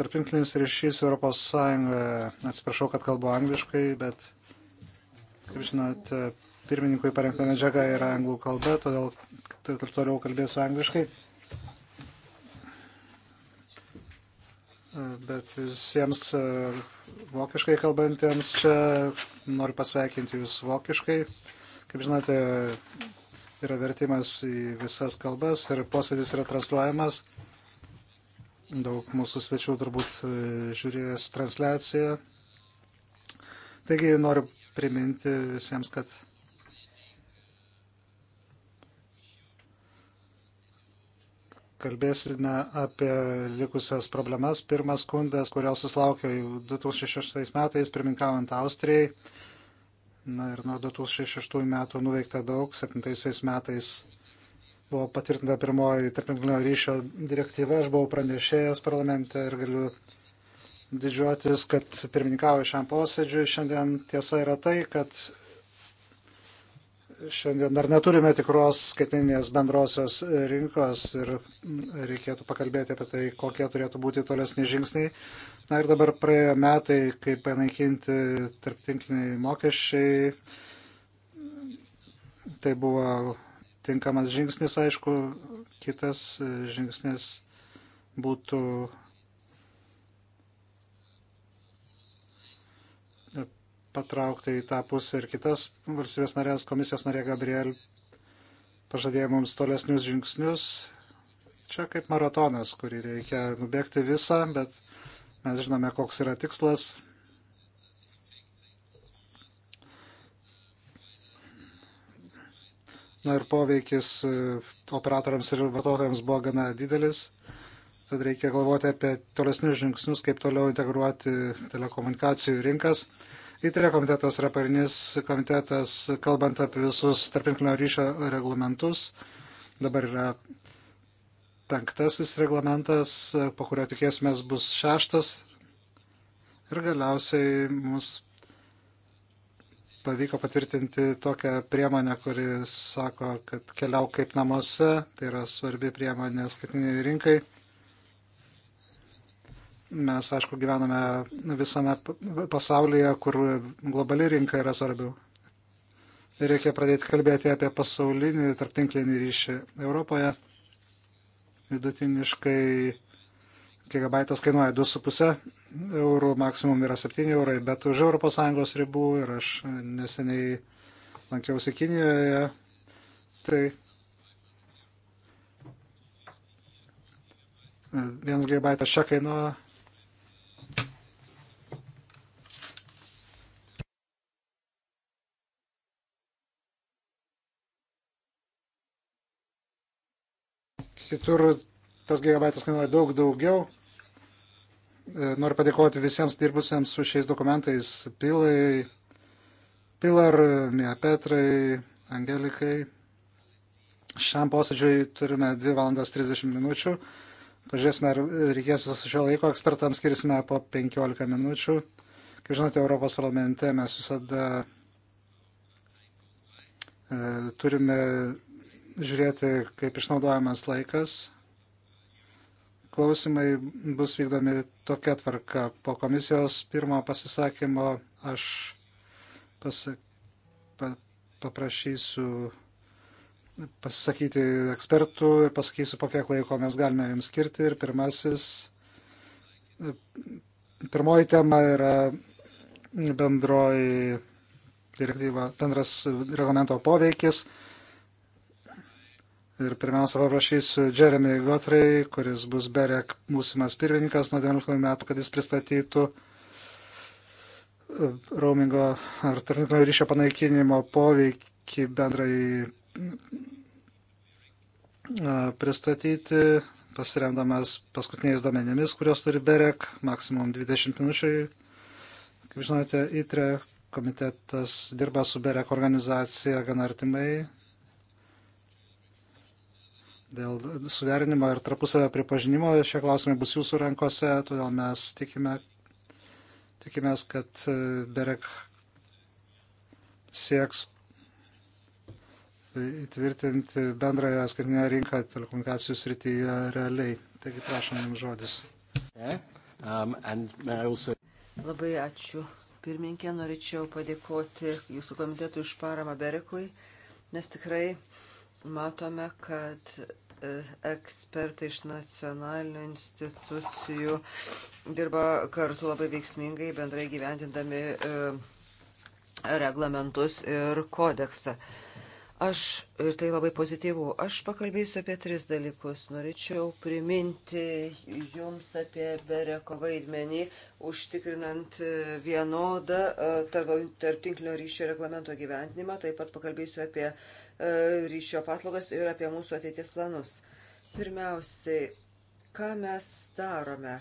tarptinklinis ryšys Europos Sąjungoje. Atsiprašau, kad kalbu angliškai, bet, kaip žinote, pirmininkui parengta medžiaga yra anglų kalba, todėl ir toliau kalbėsiu angliškai. Bet visiems e, vokiškai kalbantiems čia noriu pasveikinti jūs vokiškai. Kaip žinote, yra vertimas į visas kalbas ir posėdis yra transliuojamas daug mūsų svečių turbūt e, žiūrės transliaciją. Taigi noriu priminti visiems, kad kalbėsime apie likusias problemas. Pirmas skundas, kurio susilaukė 2006 metais, pirminkavant Austrijai. Na ir nuo 2006 metų nuveikta daug, 2007 metais buvo patvirtinta pirmoji tarptinklinio ryšio direktyva, aš buvau pranešėjęs parlamente ir galiu didžiuotis, kad pirmininkauju šiam posėdžiui. Šiandien tiesa yra tai, kad šiandien dar neturime tikros skaitmeninės bendrosios rinkos ir reikėtų pakalbėti apie tai, kokie turėtų būti tolesni žingsniai. Na ir dabar praėjo metai, kaip panaikinti tarptinkliniai mokesčiai. Tai buvo tinkamas žingsnis, aišku, kitas e, žingsnis būtų e, patraukti į tą pusę ir kitas valstybės narės, komisijos narė Gabriel pažadėjo mums tolesnius žingsnius. Čia kaip maratonas, kurį reikia nubėgti visą, bet mes žinome, koks yra tikslas, Na ir poveikis e, operatoriams ir vartotojams buvo gana didelis. Tad reikia galvoti apie tolesnius žingsnius, kaip toliau integruoti telekomunikacijų rinkas. ITRE komitetas yra parinis komitetas, kalbant apie visus tarpinklinio ryšio reglamentus. Dabar yra penktasis reglamentas, po kurio tikėsimės bus šeštas. Ir galiausiai mus pavyko patvirtinti tokią priemonę, kuri sako, kad keliauk kaip namuose, tai yra svarbi priemonė skaitiniai rinkai. Mes, aišku, gyvename visame pasaulyje, kur globali rinka yra svarbiau. Ir reikia pradėti kalbėti apie pasaulinį tarptinklinį ryšį Europoje. Vidutiniškai gigabaitas kainuoja 2,5 eurų, maksimum yra 7 eurai, bet už ES ribų ir aš neseniai lankiausi Kinijoje, tai 1 gigabaitas čia kainuoja. Kitur tas gigabaitas kainuoja daug daugiau. E, noriu padėkoti visiems dirbusiems su šiais dokumentais Pilai, Pilar, Mia Petrai, Angelikai. Šiam posėdžiui turime 2 valandas 30 minučių. Pažiūrėsime, ar reikės viso šio laiko. Ekspertams skirsime po 15 minučių. Kaip žinote, Europos parlamente mes visada e, turime žiūrėti, kaip išnaudojamas laikas. Klausimai bus vykdomi tokia tvarka. Po komisijos pirmo pasisakymo aš pasak, pa, paprašysiu pasisakyti ekspertų ir pasakysiu, po kiek laiko mes galime jums skirti. Ir pirmasis, pirmoji tema yra bendroji direktyva, bendras reglamento poveikis. Ir pirmiausia, paprašysiu Jeremy Gotrey, kuris bus Berek būsimas pirmininkas nuo 19 metų, kad jis pristatytų e, roamingo ar tarptautinio ryšio panaikinimo poveikį bendrai e, pristatyti, pasiremdamas paskutiniais domenimis, kurios turi BEREK, maksimum 20 minučių. Kaip žinote, ITRE komitetas dirba su BEREK organizacija gan artimai dėl suderinimo ir tarpusavio pripažinimo. Šie klausimai bus jūsų rankose, todėl mes tikime, tikimės, kad e, Berek sieks įtvirtinti bendrąją skirminę rinką telekomunikacijų srityje realiai. Taigi prašom jums žodis. Um, Labai ačiū. Pirminkė, norėčiau padėkoti jūsų komitetui už paramą Berekui. Mes tikrai uh, matome, kad e, ekspertai iš nacionalinių institucijų dirba kartu labai veiksmingai, bendrai gyventindami e, reglamentus ir kodeksą. Aš, ir tai labai pozityvų, aš pakalbėsiu apie tris dalykus. Norėčiau priminti jums apie Bereko vaidmenį, užtikrinant e, vienodą tarptinklinio ryšio reglamento gyventinimą. Taip pat pakalbėsiu apie uh, E, ryšio paslaugas ir apie mūsų ateities planus. Pirmiausiai, ką mes darome?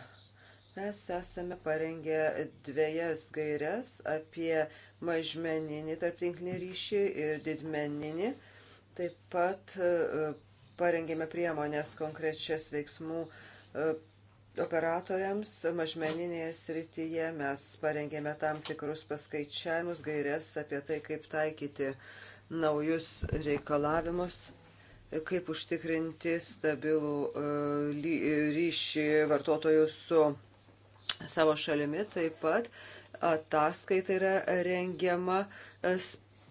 Mes esame parengę dviejas gairias apie mažmeninį tarptinklinį ryšį ir didmeninį. Taip pat e, parengėme priemonės konkrečias veiksmų e, operatoriams mažmeninėje srityje. Mes parengėme tam tikrus paskaičiavimus, gairias apie tai, kaip taikyti uh, naujus reikalavimus, kaip užtikrinti stabilų e, ryšį vartotojų su savo šalimi. Taip pat ataskaita yra rengiama e,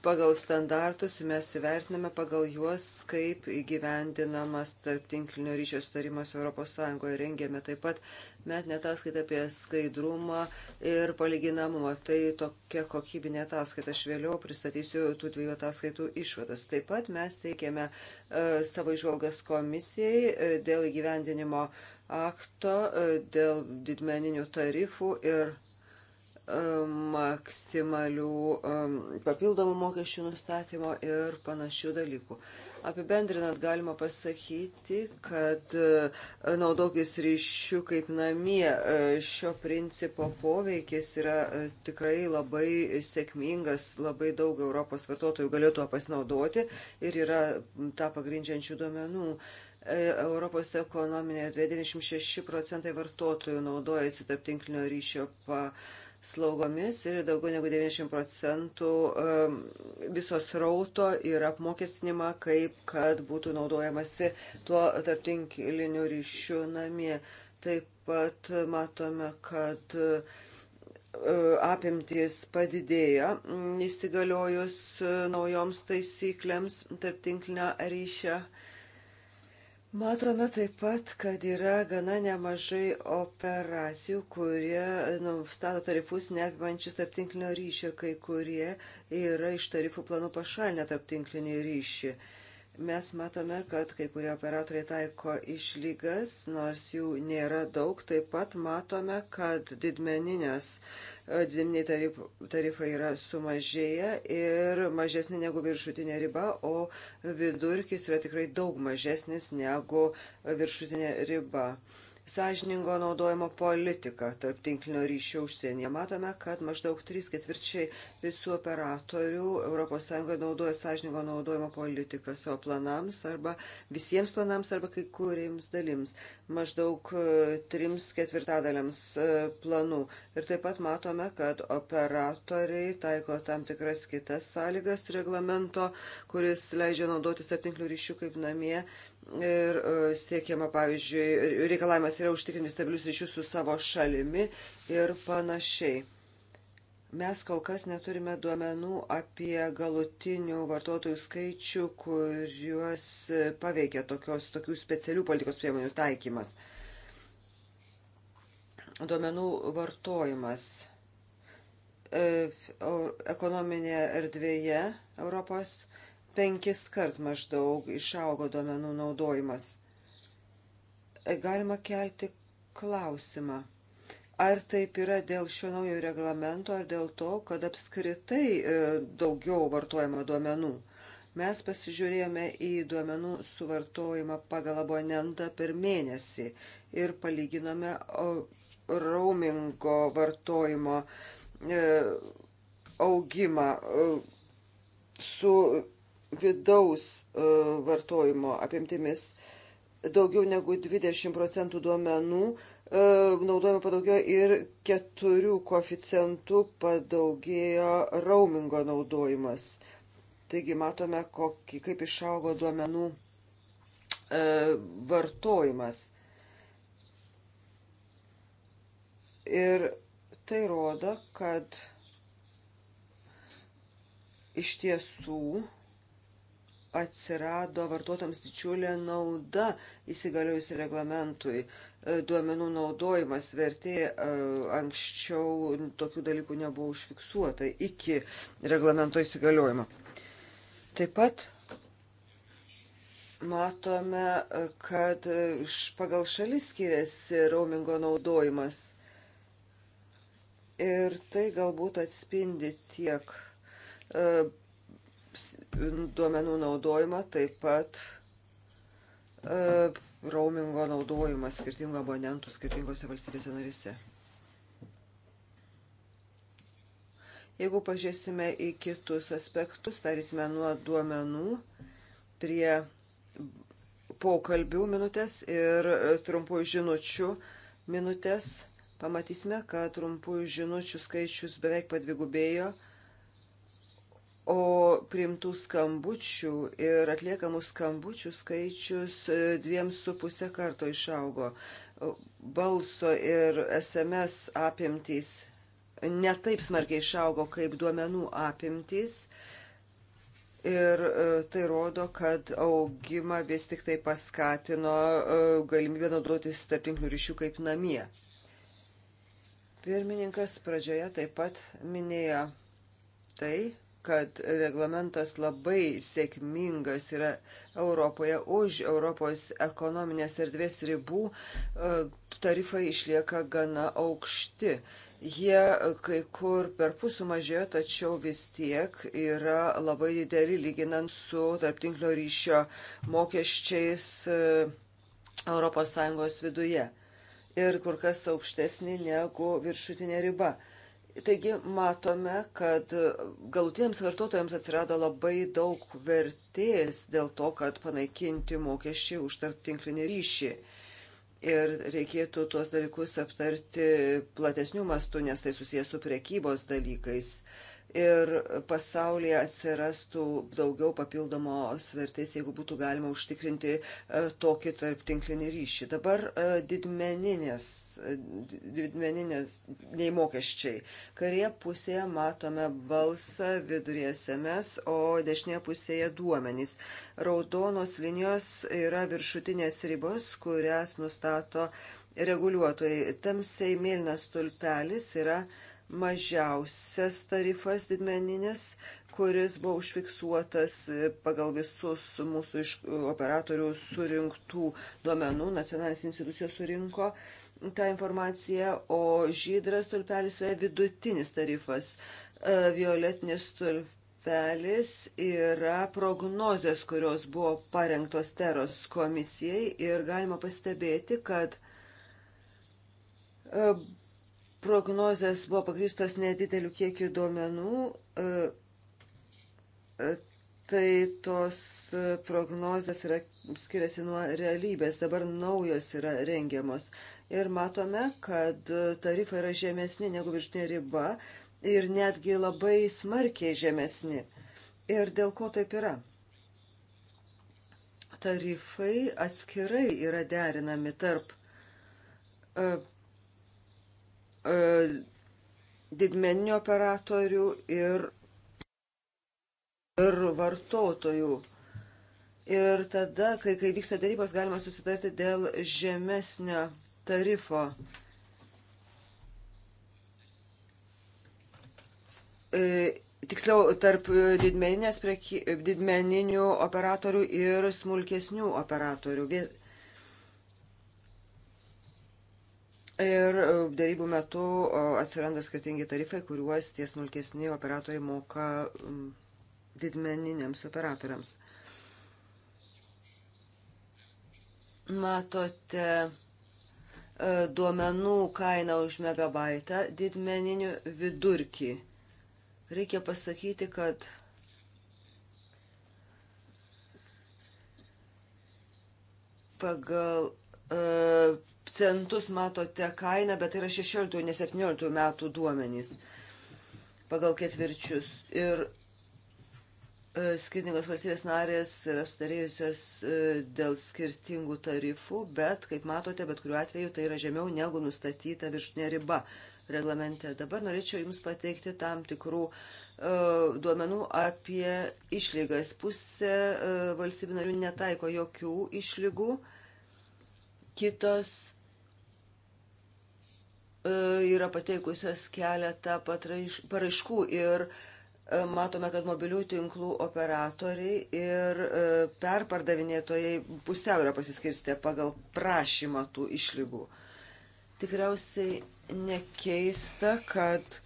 pagal standartus mes įvertiname pagal juos, kaip įgyvendinamas tarp tinklinio ryšio sutarimas ES. Rengėme taip pat metinę ataskaitą apie skaidrumą ir palyginamumą. Tai tokia kokybinė ataskaita. Aš vėliau pristatysiu tų dviejų ataskaitų išvadas. Taip pat mes teikėme e, savo išvalgas komisijai e, dėl įgyvendinimo akto, e, dėl didmeninių tarifų ir maksimalių papildomų mokesčių nustatymo ir panašių dalykų. Apibendrinant galima pasakyti, kad e, naudokis ryšių kaip namie e, šio principo poveikis yra e, tikrai labai sėkmingas, labai daug Europos vartotojų galėtų pasinaudoti ir yra tą pagrindžiančių duomenų. Europos ekonominėje 96 procentai vartotojų naudojasi tarptinklinio ryšio pa, uh, slaugomis ir daugiau negu 90 procentų visos rauto yra apmokestinima, kaip kad būtų naudojamasi tuo tarptinkliniu ryšiu namie. Taip pat matome, kad e, apimtis padidėja įsigaliojus e, naujoms taisyklėms tarptinklinio ryšio Matome taip pat, kad yra gana nemažai operacijų, kurie nustato tarifus neapimančius tarptinklinio ryšio, kai kurie yra iš tarifų planų pašalinę tarptinklinį ryšį. Mes matome, kad kai kurie operatoriai taiko išlygas, nors jų nėra daug. Taip pat matome, kad didmeninės dviminiai tarifai yra sumažėję ir mažesnė negu viršutinė riba, o vidurkis yra tikrai daug mažesnis negu viršutinė riba sąžiningo naudojimo politiką tarp tinklinio ryšio užsienyje. Matome, kad maždaug 3 ketvirčiai visų operatorių ES naudoja sąžiningo naudojimo politiką savo planams arba visiems planams arba kai kuriems dalims. Maždaug 3 e, ketvirtadaliams e, planų. Ir taip pat matome, kad operatoriai taiko tam tikras kitas sąlygas reglamento, kuris leidžia naudotis tarp tinklinio ryšių kaip namie ir e, siekiama, pavyzdžiui, reikalavimas yra užtikrinti stabilius ryšius su savo šalimi ir panašiai. Mes kol kas neturime duomenų apie galutinių vartotojų skaičių, kuriuos paveikia tokios, tokių specialių politikos priemonių taikymas. Duomenų vartojimas e, ekonominėje erdvėje Europos penkis kart maždaug išaugo duomenų naudojimas. Galima kelti klausimą. Ar taip yra dėl šio naujo reglamento, ar dėl to, kad apskritai e, daugiau vartojama duomenų? Mes pasižiūrėjome į duomenų suvartojimą pagal abonentą per mėnesį ir palyginome roamingo vartojimo e, augimą e, su vidaus e, vartojimo apimtimis. Daugiau negu 20 procentų duomenų e, naudojimo padaugėjo ir keturių koficijantų padaugėjo raumingo naudojimas. Taigi matome, kokį, kaip išaugo duomenų e, vartojimas. Ir tai rodo, kad iš tiesų atsirado vartotojams didžiulė nauda įsigaliojus reglamentui. E, duomenų naudojimas vertė e, anksčiau tokių dalykų nebuvo užfiksuota iki reglamento įsigaliojimo. Taip pat matome, e, kad pagal šalis skiriasi roamingo naudojimas. Ir tai galbūt atspindi tiek duomenų naudojimą, taip pat e, roamingo naudojimą skirtingų abonentų skirtingose valstybėse narise. Jeigu pažiūrėsime į kitus aspektus, perėsime nuo duomenų prie pokalbių minutės ir trumpų žinučių minutės. Pamatysime, kad trumpų žinučių skaičius beveik padvigubėjo O priimtų skambučių ir atliekamų skambučių skaičius e, dviem su pusę karto išaugo. Balso ir SMS apimtys netaip smarkiai išaugo kaip duomenų apimtys. Ir e, tai rodo, kad augimą vis tik tai paskatino e, galimybę naudotis tarptinklių ryšių kaip namie. Pirmininkas pradžioje taip pat minėjo tai, kad reglamentas labai sėkmingas yra Europoje už Europos ekonominės erdvės ribų, e, tarifai išlieka gana aukšti. Jie kai kur per pusų mažėjo, tačiau vis tiek yra labai dideli lyginant su tarptinklio ryšio mokesčiais ES viduje ir kur kas aukštesnį negu viršutinė riba. Taigi matome, kad galutiniams vartotojams atsirado labai daug vertės dėl to, kad panaikinti mokesčiai už tarptinklinį ryšį. Ir reikėtų tuos dalykus aptarti platesnių mastų, nes tai susijęs su priekybos dalykais ir pasaulyje atsirastų daugiau papildomos vertės, jeigu būtų galima užtikrinti e, tokį tarptinklinį ryšį. Dabar e, didmeninės, e, didmeninės nei mokesčiai. Karėje pusėje matome balsą, vidurėje SMS, o dešinėje pusėje duomenys. Raudonos linijos yra viršutinės ribos, kurias nustato reguliuotojai. Tamsiai mėlynas tulpelis yra mažiausias tarifas didmeninis, kuris buvo užfiksuotas e, pagal visus mūsų iš e, operatorių surinktų duomenų, nacionalinės institucijos surinko tą informaciją, o žydras tulpelis yra vidutinis tarifas. E, violetinis tulpelis yra prognozės, kurios buvo parengtos teros komisijai ir galima pastebėti, kad prognozės buvo pagristos nedideliu kiekiu duomenų, e, e, tai tos e, prognozės yra, skiriasi nuo realybės, dabar naujos yra rengiamos. Ir matome, kad tarifai yra žemesni negu viršutinė riba ir netgi labai smarkiai žemesni. Ir dėl ko taip yra? Tarifai atskirai yra derinami tarp E, didmeninių operatorių ir, ir vartotojų. Ir tada, kai, kai vyksta darybos, galima susitarti dėl žemesnio tarifo. E, tiksliau, tarp didmeninių operatorių ir smulkesnių operatorių. Ir e, darybų metu e, atsiranda skirtingi tarifai, kuriuos tie smulkesni operatoriai moka didmeniniams operatoriams. Matote e, duomenų kainą už megabaitą didmeninių vidurkį. Reikia pasakyti, kad pagal uh, centus matote kainą, bet tai yra 16, ne 17 metų duomenys pagal ketvirčius. Ir e, skirtingos valstybės narės yra sutarėjusios e, dėl skirtingų tarifų, bet, kaip matote, bet kuriuo atveju tai yra žemiau negu nustatyta viršutinė riba reglamente. Dabar norėčiau Jums pateikti tam tikrų uh, duomenų apie išlygas. Pusė uh, valstybių narių netaiko jokių išlygų, kitos E, yra pateikusios keletą paraiškų ir e, matome, kad mobilių tinklų operatoriai ir e, perpardavinėtojai pusiau yra pasiskirstę pagal prašymą tų išlygų. Tikriausiai nekeista, kad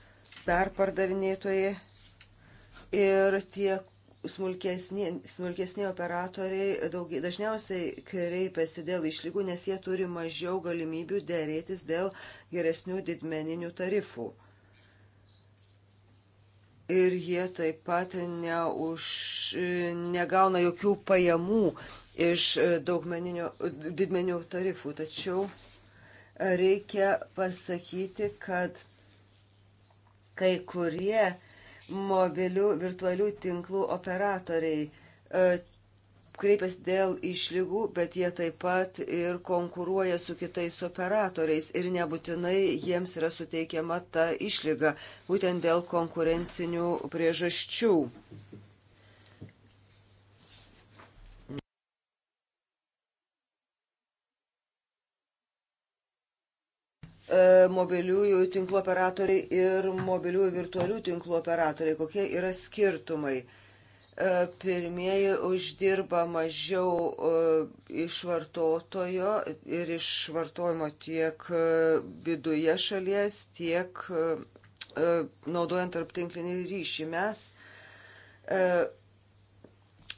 perpardavinėtojai ir tie, smulkesni, smulkesni operatoriai daug, dažniausiai kreipiasi dėl išlygų, nes jie turi mažiau galimybių dėrėtis dėl geresnių didmeninių tarifų. Ir jie taip pat neuž, negauna jokių pajamų iš didmeninių tarifų. Tačiau reikia pasakyti, kad kai kurie mobilių virtualių tinklų operatoriai e, kreipiasi dėl išlygų, bet jie taip pat ir konkuruoja su kitais operatoriais ir nebūtinai jiems yra suteikiama ta išlyga, būtent dėl konkurencinių priežasčių. E, mobiliųjų tinklų operatoriai ir mobiliųjų virtualių tinklų operatoriai, kokie yra skirtumai. E, pirmieji uždirba mažiau e, iš vartotojo ir iš vartojimo tiek viduje šalies, tiek naudojant tarptinklinį ryšį. Mes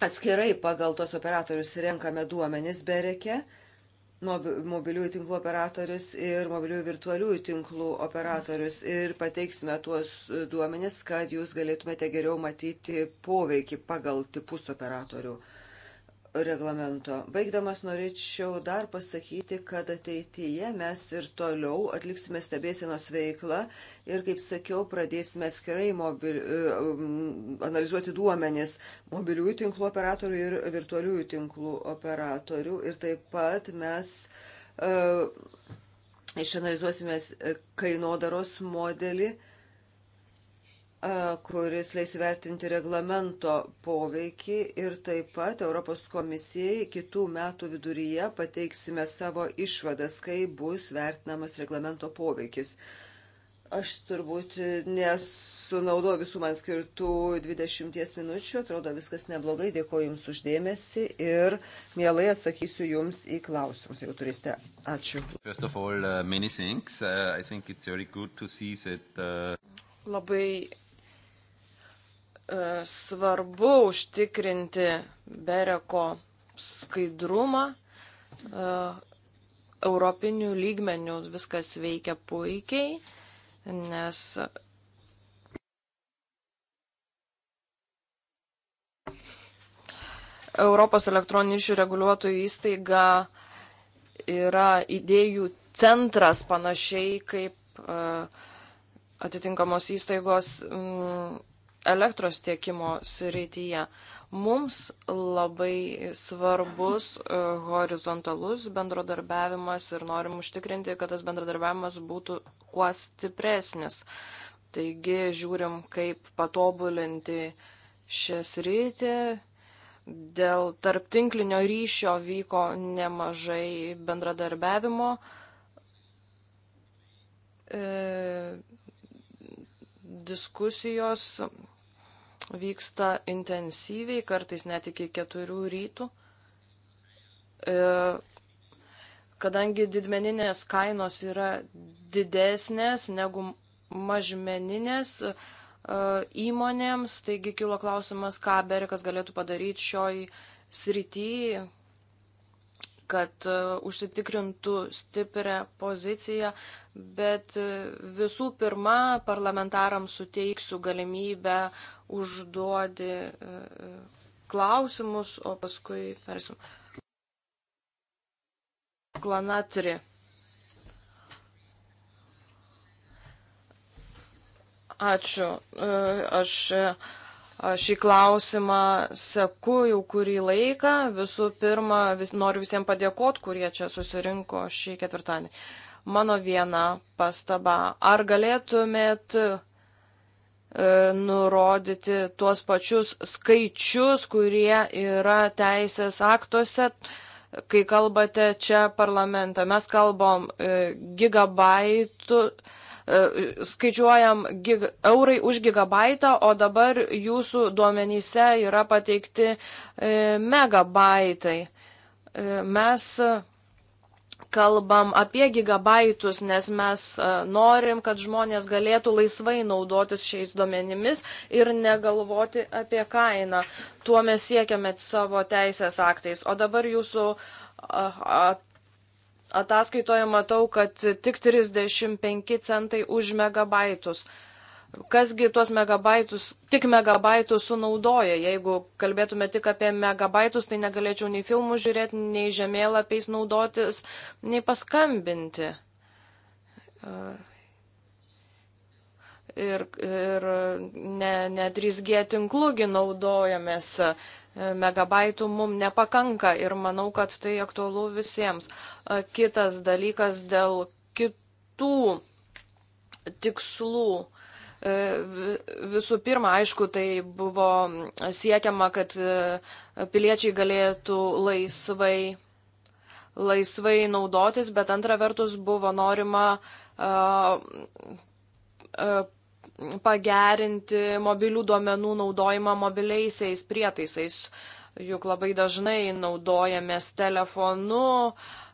atskirai pagal tos operatorius renkame duomenis bereke. Be mobiliųjų tinklų operatorius ir mobiliųjų virtualiųjų tinklų operatorius ir pateiksime tuos duomenis, kad jūs galėtumėte geriau matyti poveikį pagal tipus operatorių reglamento. Baigdamas norėčiau dar pasakyti, kad ateityje mes ir toliau atliksime stebėsienos veiklą ir, kaip sakiau, pradėsime atskirai mobil, e, analizuoti duomenis mobiliųjų tinklų operatorių ir virtualiųjų tinklų operatorių. Ir taip pat mes uh, išanalizuosime kainodaros modelį uh, E, kuris leis vertinti reglamento poveikį ir taip pat Europos komisijai kitų metų viduryje pateiksime savo išvadas, kai bus vertinamas reglamento poveikis. Aš turbūt nesunaudoju visų man skirtų 20 minučių, atrodo viskas neblogai, dėkoju Jums uždėmesi ir mielai atsakysiu Jums į klausimus, jeigu turėsite. Ačiū. First of all, uh, many thanks. Uh, I think it's very good to see that uh... Labai E, svarbu užtikrinti Bereko skaidrumą. E, europinių lygmenių viskas veikia puikiai, nes Europos elektroninių ryšių reguliuotojų įstaiga yra idėjų centras panašiai kaip e, atitinkamos įstaigos elektros tiekimo srityje. Mums labai svarbus e, horizontalus bendradarbiavimas ir norim užtikrinti, kad tas bendradarbiavimas būtų kuo stipresnis. Taigi žiūrim, kaip patobulinti šią sritį. Dėl tarptinklinio ryšio vyko nemažai bendradarbiavimo. E, diskusijos vyksta intensyviai, kartais net iki keturių rytų. E, kadangi didmeninės kainos yra didesnės negu mažmeninės e, įmonėms, taigi kilo klausimas, ką Berikas galėtų padaryti šioj srityje kad e, užsitikrintų stiprią poziciją, bet e, visų pirma parlamentarams suteiksiu galimybę užduoti e, klausimus, o paskui persim. Klanatri. Ačiū. Aš šį klausimą seku jau kurį laiką. Visų pirma, vis, noriu visiems padėkoti, kurie čia susirinko šį ketvirtadienį. Mano viena pastaba. Ar galėtumėt e, nurodyti tuos pačius skaičius, kurie yra teisės aktuose, kai kalbate čia parlamente? Mes kalbom e, gigabaitų. E, E, skaičiuojam gig, eurai už gigabaitą, o dabar jūsų duomenyse yra pateikti e, megabaitai. E, mes kalbam apie gigabaitus, nes mes norim, kad žmonės galėtų laisvai naudotis šiais duomenimis ir negalvoti apie kainą. Tuo mes siekiame savo teisės aktais. O dabar jūsų ataskaitoje matau, kad tik 35 centai už megabaitus. Kasgi tuos megabaitus, tik megabaitus sunaudoja. Jeigu kalbėtume tik apie megabaitus, tai negalėčiau nei filmų žiūrėti, nei žemėlapiais naudotis, nei paskambinti. Ir, ir ne, ne 3G tinklugi naudojamės megabaitų mum nepakanka ir manau, kad tai aktualu visiems. Kitas dalykas dėl kitų tikslų. E, visų pirma, aišku, tai buvo siekiama, kad e, piliečiai galėtų laisvai, laisvai naudotis, bet antra vertus buvo norima pagerinti mobilių duomenų naudojimą mobiliaisiais prietaisais. Juk labai dažnai naudojamės telefonu,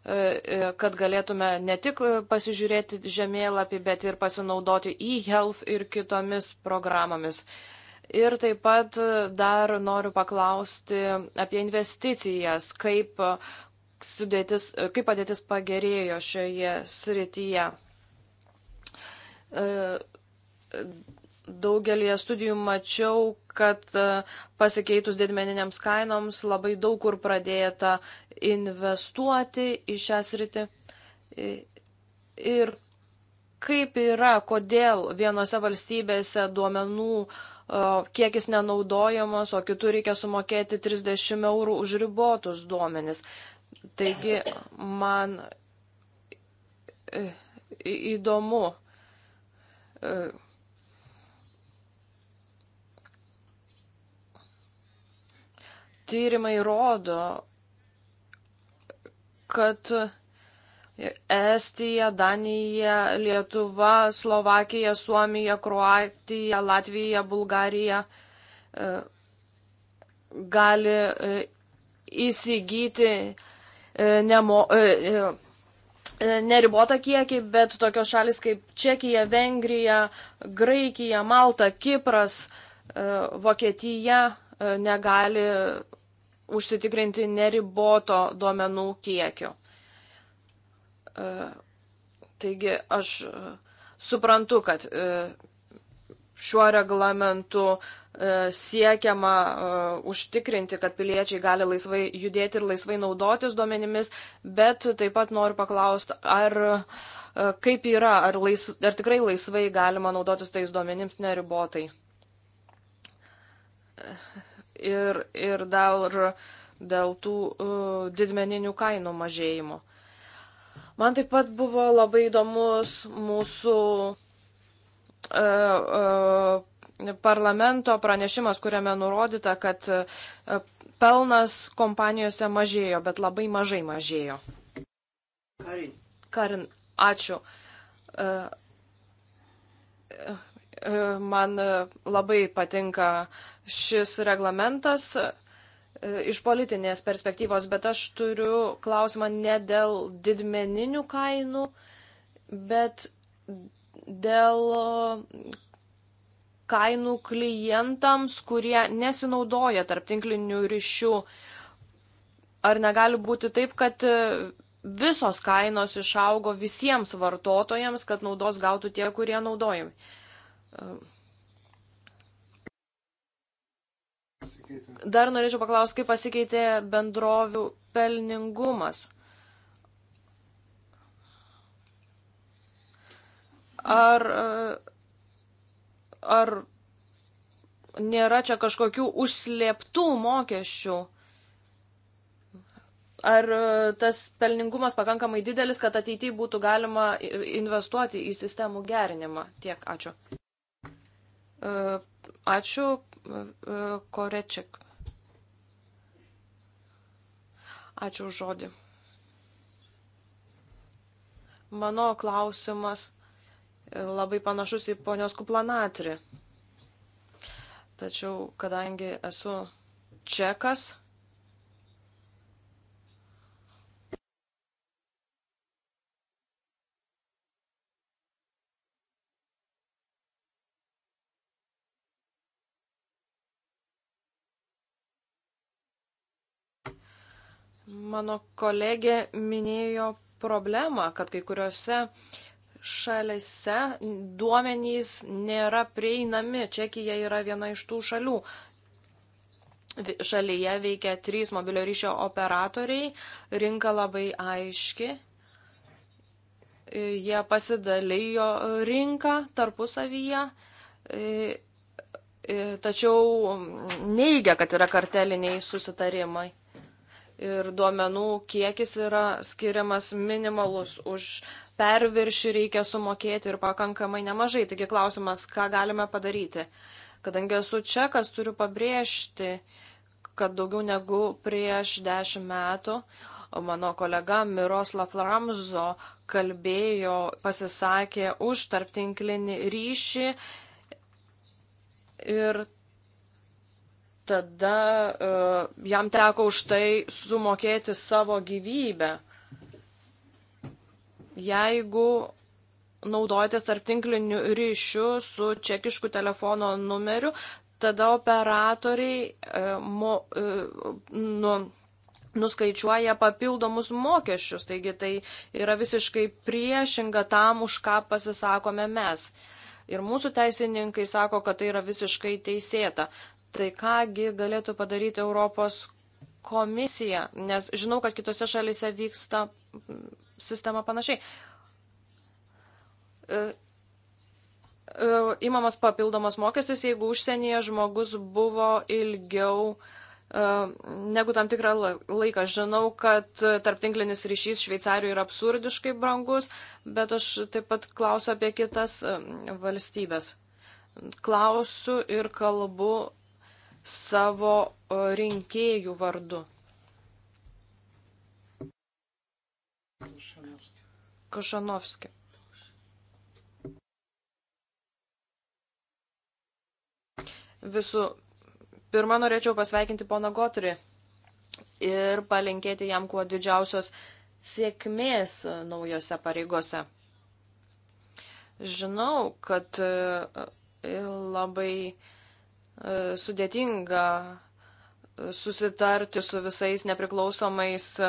e, e, kad galėtume ne tik pasižiūrėti žemėlapį, bet ir pasinaudoti e-health ir kitomis programomis. Ir taip pat e, dar noriu paklausti apie investicijas, kaip, sudėtis, kaip padėtis pagerėjo šioje srityje daugelį studijų mačiau, kad e, pasikeitus didmeniniams kainoms labai daug kur pradėta investuoti į šią sritį. Ir kaip yra, kodėl vienose valstybėse duomenų e, kiekis nenaudojamas, o kitur reikia sumokėti 30 eurų už ribotus duomenis. Taigi man e, įdomu, tyrimai rodo, kad Estija, Danija, Lietuva, Slovakija, Suomija, Kroatija, Latvija, Bulgarija e, gali e, įsigyti e, nemo, neribotą kiekį, bet tokios šalis kaip Čekija, Vengrija, Graikija, Malta, Kipras, Vokietija negali užsitikrinti neriboto duomenų kiekio. E, taigi aš e, suprantu, kad e, šiuo reglamentu siekiama užtikrinti, kad piliečiai gali laisvai judėti ir laisvai naudotis duomenimis, bet taip pat noriu paklausti, ar kaip yra, ar, lais, ar tikrai laisvai galima naudotis tais duomenims neribotai ir, ir dar dėl tų uh, didmeninių kainų mažėjimo. Man taip pat buvo labai įdomus mūsų uh, uh, parlamento pranešimas, kuriame nurodyta, kad uh, pelnas kompanijose mažėjo, bet labai mažai mažėjo. Karin. Karin, ačiū. Uh, uh, E, man labai patinka šis reglamentas e, iš politinės perspektyvos, bet aš turiu klausimą ne dėl didmeninių kainų, bet dėl kainų klientams, kurie nesinaudoja tarptinklinių ryšių. Ar negali būti taip, kad e, visos kainos išaugo visiems vartotojams, kad naudos gautų tie, kurie naudojami? Dar norėčiau paklausti, kaip pasikeitė bendrovių pelningumas. Ar, ar nėra čia kažkokių užslėptų mokesčių? Ar tas pelningumas pakankamai didelis, kad ateityje būtų galima investuoti į sistemų gerinimą? Tiek, ačiū. Ačiū, e, Korečik. Ačiū už žodį. Mano klausimas labai panašus į ponios kuplanatri. Tačiau, kadangi esu čekas, Mano kolegė minėjo problemą, kad kai kuriuose šalise duomenys nėra prieinami. Čekija yra viena iš tų šalių. Šalyje veikia trys mobilio ryšio operatoriai, rinka labai aiški. Jie pasidalijo rinką tarpusavyje tačiau neigia, kad yra karteliniai susitarimai ir duomenų kiekis yra skiriamas minimalus, už perviršį reikia sumokėti ir pakankamai nemažai. Taigi klausimas, ką galime padaryti. Kadangi esu čekas, turiu pabrėžti, kad daugiau negu prieš dešimt metų mano kolega Miroslav Ramzo kalbėjo, pasisakė už tarptinklinį ryšį ir tada uh, jam teko už tai sumokėti savo gyvybę. Jeigu naudojatės tarp tinklinių ryšių su čekišku telefono numeriu, tada operatoriai uh, mo, uh, nu, nuskaičiuoja papildomus mokesčius. Taigi tai yra visiškai priešinga tam, už ką pasisakome mes. Uh, ir mūsų teisininkai sako, kad tai yra visiškai teisėta tai kągi galėtų padaryti Europos komisija, nes žinau, kad kitose šalise vyksta sistema panašiai. Įmamas e, e, papildomas mokestis, jeigu užsienyje žmogus buvo ilgiau e, negu tam tikrą laiką. Žinau, kad tarptinklinis ryšys Šveicarijoje yra absurdiškai brangus, bet aš taip pat klausiu apie kitas valstybės. Klausiu ir kalbu savo rinkėjų vardu. Košanovski. Visų pirma, norėčiau pasveikinti poną Gotrį ir palinkėti jam kuo didžiausios sėkmės naujose pareigose. Žinau, kad e, labai E, sudėtinga e, susitarti su visais nepriklausomais e,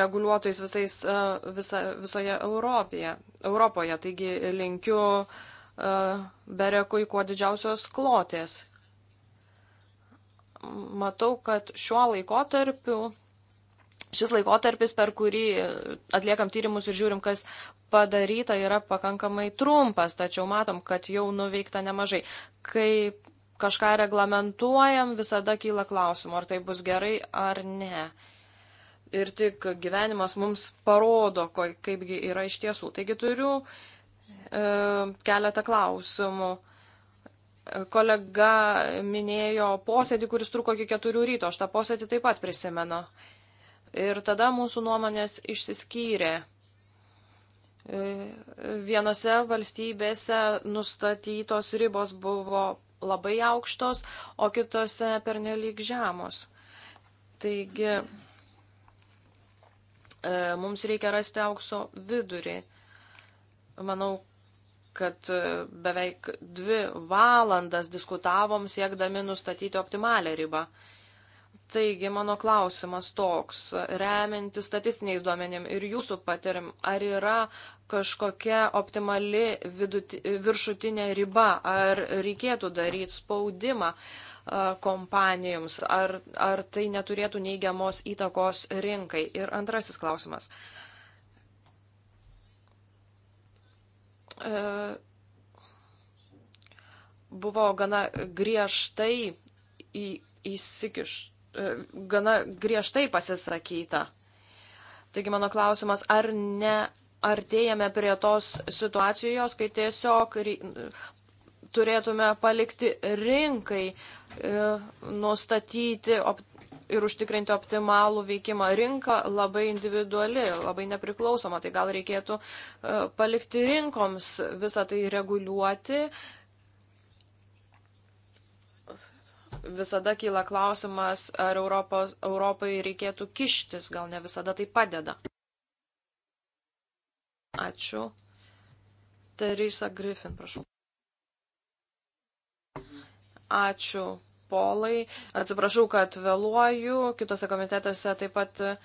reguliuotojais visais, visa, visoje Europėje, Europoje. Taigi linkiu Berekui kuo didžiausios klotės. Matau, kad šiuo laikotarpiu, šis laikotarpis, per kurį atliekam tyrimus ir žiūrim, kas padaryta, yra pakankamai trumpas, tačiau matom, kad jau nuveikta nemažai. Kaip kažką reglamentuojam, visada kyla klausimų, ar tai bus gerai ar ne. Ir tik gyvenimas mums parodo, kaipgi yra iš tiesų. Taigi turiu e, keletą klausimų. Kolega minėjo posėdį, kuris truko iki keturių ryto, aš tą posėdį taip pat prisimenu. Ir tada mūsų nuomonės išsiskyrė. E, vienose valstybėse nustatytos ribos buvo labai aukštos, o kitose pernelyg žemos. Taigi e, mums reikia rasti aukso vidurį. Manau, kad e, beveik dvi valandas diskutavom siekdami nustatyti optimalią ribą. Taigi mano klausimas toks, remianti statistiniais duomenėm ir jūsų patirim, ar yra kažkokia optimali viduti, viršutinė riba, ar reikėtų daryti spaudimą kompanijoms, ar, ar tai neturėtų neigiamos įtakos rinkai. Ir antrasis klausimas. E, buvo gana griežtai į, įsikišta E, gana griežtai pasisakyta. Taigi mano klausimas, ar ne artėjame prie tos situacijos, kai tiesiog turėtume palikti rinkai e, nustatyti ir užtikrinti optimalų veikimą. Rinka labai individuali, labai nepriklausoma, tai gal reikėtų e, palikti rinkoms visą tai reguliuoti visada kyla klausimas, ar Europos, Europai reikėtų kištis, gal ne visada tai padeda. Ačiū. Teresa Griffin, prašau. Ačiū, Polai. Atsiprašau, kad vėluoju. Kitose komitetuose taip pat uh,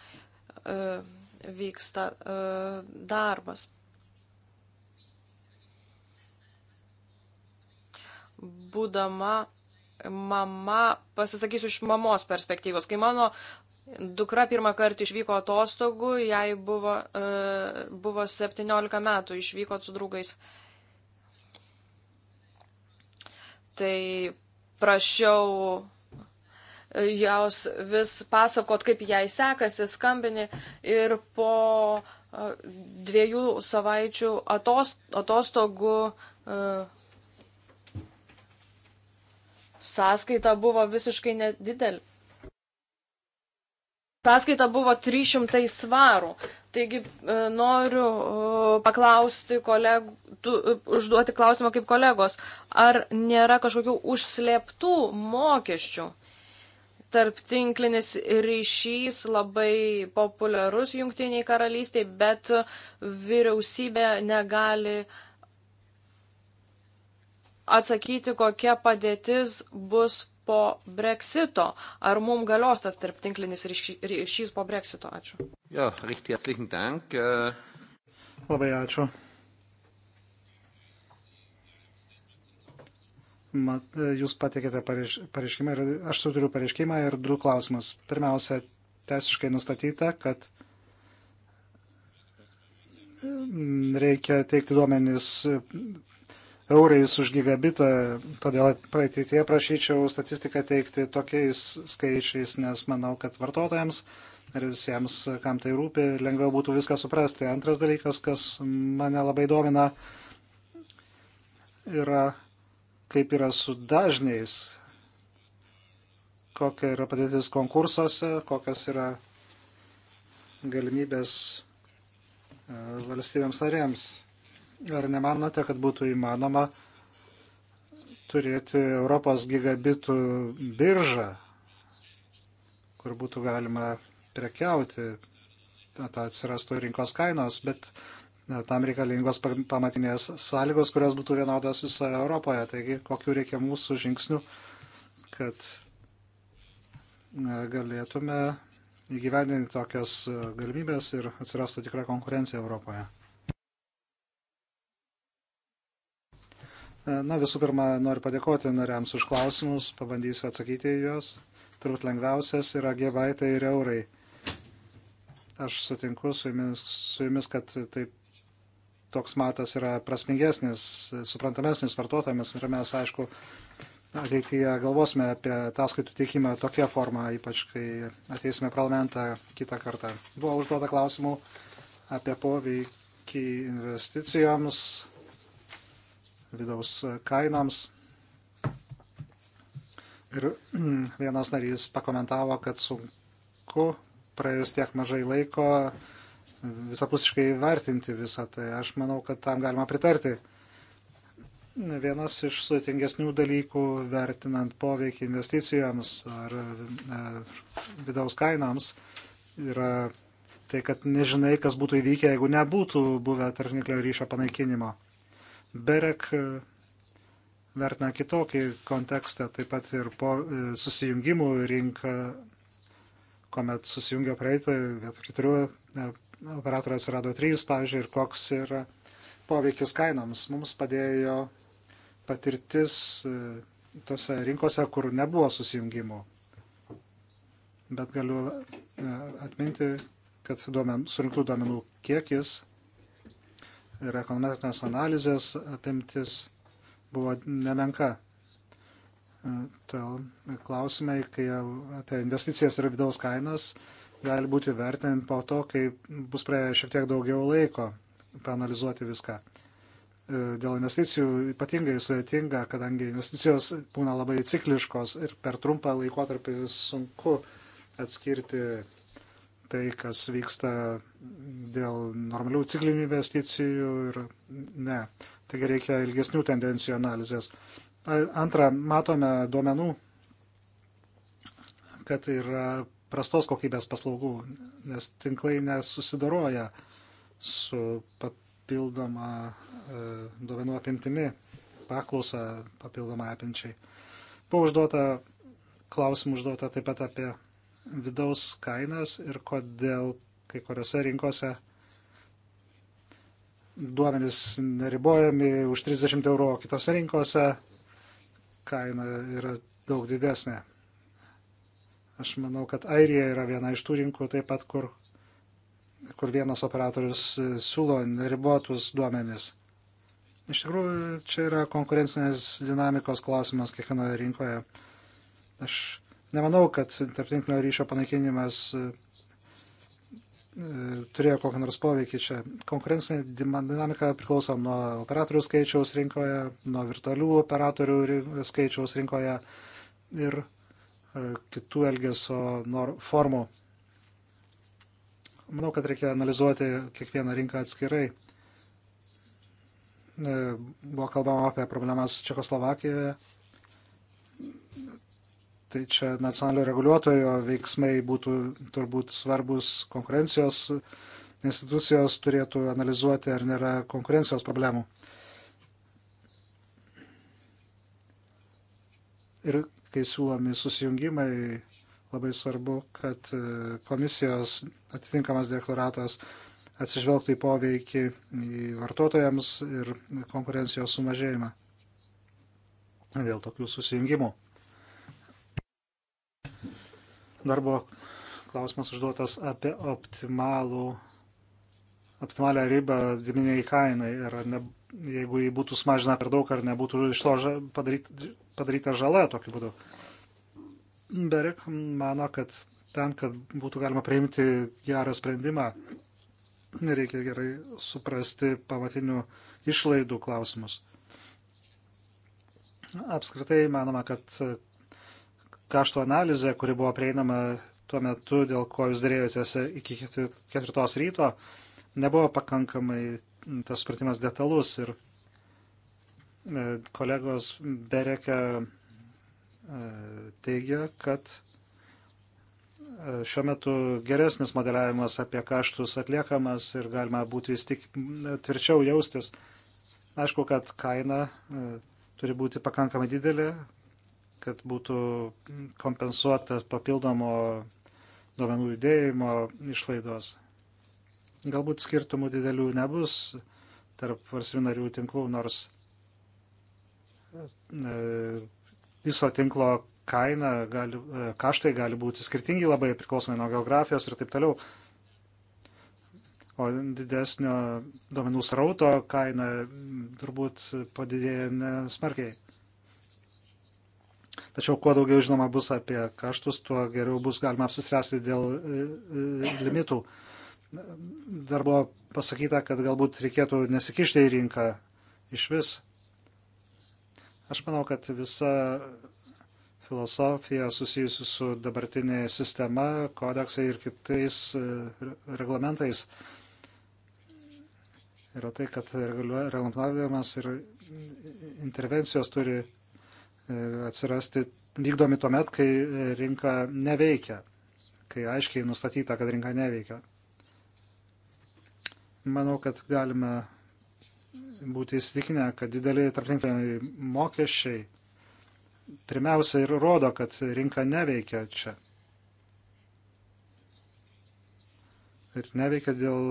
vyksta uh, darbas. Būdama mama, pasisakysiu iš mamos perspektyvos. Kai mano dukra pirmą kartą išvyko atostogų, jai buvo, uh, buvo 17 metų, išvyko su draugais. Tai prašiau jos vis pasakot, kaip jai sekasi, skambini ir po e, dviejų savaičių atostogų uh, sąskaita buvo visiškai nedidelė. Sąskaita buvo 300 svarų. Taigi e, noriu e, paklausti kolegų, tu, e, užduoti klausimą kaip kolegos, ar nėra kažkokių užslėptų mokesčių? Tarp tinklinis ryšys labai populiarus jungtiniai karalystiai, bet vyriausybė negali uh, atsakyti, kokia padėtis bus po breksito. Ar mums galios tas tarptinklinis ryšys po breksito? Ačiū. Jo, richtig herzlichen Dank. Äh. Labai ačiū. Mat, jūs patikėte pareiš, pareiškimą ir aš turiu pareiškimą ir du klausimus. Pirmiausia, teisiškai nustatyta, kad mm, reikia teikti duomenys eurais už gigabitą, todėl praeitėje prašyčiau statistiką teikti tokiais skaičiais, nes manau, kad vartotojams ir visiems, kam tai rūpi, lengviau būtų viską suprasti. Antras dalykas, kas mane labai domina, yra kaip yra su dažniais, kokia yra padėtis konkursuose, kokios yra galimybės e, valstybėms narėms Ar nemanote, kad būtų įmanoma turėti Europos gigabitų biržą, kur būtų galima prekiauti, ta atsirastų rinkos kainos, bet na, tam reikalingos pamatinės sąlygos, kurios būtų vienodas visoje Europoje. Taigi, kokiu reikia mūsų žingsnių, kad galėtume įgyvendinti tokias galimybės ir atsirastų tikra konkurencija Europoje. E, na, visų pirma, noriu padėkoti nariams už klausimus, pabandysiu atsakyti į juos. Turbūt lengviausias yra gyvaitai ir eurai. Aš sutinku su jumis, su jumis kad taip toks matas yra prasmingesnis, suprantamesnis vartotojams ir mes, aišku, ateityje galvosime apie ataskaitų teikimą tokią formą, ypač kai ateisime parlamentą kitą kartą. Buvo užduota klausimų apie poveikį investicijoms vidaus kainams. Ir vienas narys pakomentavo, kad sunku praėjus tiek mažai laiko visapusiškai vertinti visą tai. Aš manau, kad tam galima pritarti. Vienas iš sudėtingesnių dalykų vertinant poveikį investicijoms ar e, vidaus kainams yra tai, kad nežinai, kas būtų įvykę, jeigu nebūtų buvę tarniklio ryšio panaikinimo. Berek e, vertina kitokį kontekstą, taip pat ir po e, susijungimų rinką, kuomet susijungia praeitą, vietoj keturių e, operatorių atsirado trys, pavyzdžiui, ir koks yra poveikis kainoms. Mums padėjo patirtis tose rinkose, kur nebuvo susijungimų. Bet galiu atminti, kad duomen, surinktų duomenų kiekis ir ekonometrinės analizės apimtis buvo nemenka. Tal klausimai, kai apie investicijas ir vidaus kainas gali būti vertinant po to, kai bus praėję šiek tiek daugiau laiko panalizuoti viską. E, dėl investicijų ypatingai sudėtinga, kadangi investicijos būna labai cikliškos ir per trumpą laikotarpį sunku atskirti tai, kas vyksta dėl normalių ciklinių investicijų ir ne. Taigi reikia ilgesnių tendencijų analizės. Antra, matome duomenų, kad yra prastos kokybės paslaugų, nes tinklai nesusidaroja su papildoma e, duomenų apimtimi, paklausa papildomai apimčiai. Buvo užduota, klausimų užduota taip pat apie vidaus kainas ir kodėl kai kuriuose rinkose duomenys neribojami už 30 eurų, o kitose rinkose kaina yra daug didesnė. Aš manau, kad Airija yra viena iš tų rinkų taip pat, kur, kur vienas operatorius siūlo neribotus duomenis. Iš tikrųjų, čia yra konkurencinės dinamikos klausimas kiekvienoje rinkoje. Aš Nemanau, kad tarptinklinio ryšio panaikinimas e, turėjo kokį nors poveikį čia. Konkurencinė dinamika priklauso nuo operatorių skaičiaus rinkoje, nuo virtualių operatorių skaičiaus rinkoje ir e, kitų elgesio formų. Manau, kad reikia analizuoti kiekvieną rinką atskirai. E, buvo kalbama apie problemas Čekoslovakijoje Tai čia nacionalinio reguliuotojo veiksmai būtų turbūt svarbus konkurencijos institucijos turėtų analizuoti, ar nėra konkurencijos problemų. Ir kai siūlomi susijungimai, labai svarbu, kad e, komisijos atitinkamas deklaratas atsižvelgtų į poveikį į vartotojams ir konkurencijos sumažėjimą dėl tokių susijungimų. Dar buvo klausimas užduotas apie optimalų, optimalią ribą didminiai kainai ir ne, jeigu jį būtų sumažina per daug, ar nebūtų iš to padaryta, padaryta žala tokiu būdu. Berek mano, kad tam, kad būtų galima priimti gerą sprendimą, reikia gerai suprasti pamatinių išlaidų klausimus. Apskritai manoma, kad kaštų analizė, kuri buvo prieinama tuo metu, dėl ko jūs dėrėjotės iki ketvirtos ryto, nebuvo pakankamai tas supratimas detalus ir e, kolegos Bereke teigia, kad e, šiuo metu geresnis modeliavimas apie kaštus atliekamas ir galima būtų įstik tvirčiau jaustis. Aišku, kad kaina e, turi būti pakankamai didelė, kad būtų kompensuotas papildomo duomenų judėjimo išlaidos. Galbūt skirtumų didelių nebus tarp varsvinarių tinklų, nors e, viso tinklo kaina, gali, e, kaštai gali būti skirtingi labai priklausomai nuo geografijos ir taip toliau. O didesnio duomenų srauto kaina turbūt padidėja nesmarkiai. Tačiau kuo daugiau žinoma bus apie kaštus, tuo geriau bus galima apsispręsti dėl e, e, limitų. Dar buvo pasakyta, kad galbūt reikėtų nesikišti į rinką iš vis. Aš manau, kad visa filosofija susijusi su dabartinė sistema, kodeksai ir kitais e, reglamentais yra tai, kad reglamentavimas ir intervencijos turi E, atsirasti vykdomi tuo met, kai e, rinka neveikia, kai aiškiai nustatyta, kad rinka neveikia. Manau, kad galime būti įsitikinę, kad dideli tarptinkliai mokesčiai pirmiausia ir rodo, kad rinka neveikia čia. Ir neveikia dėl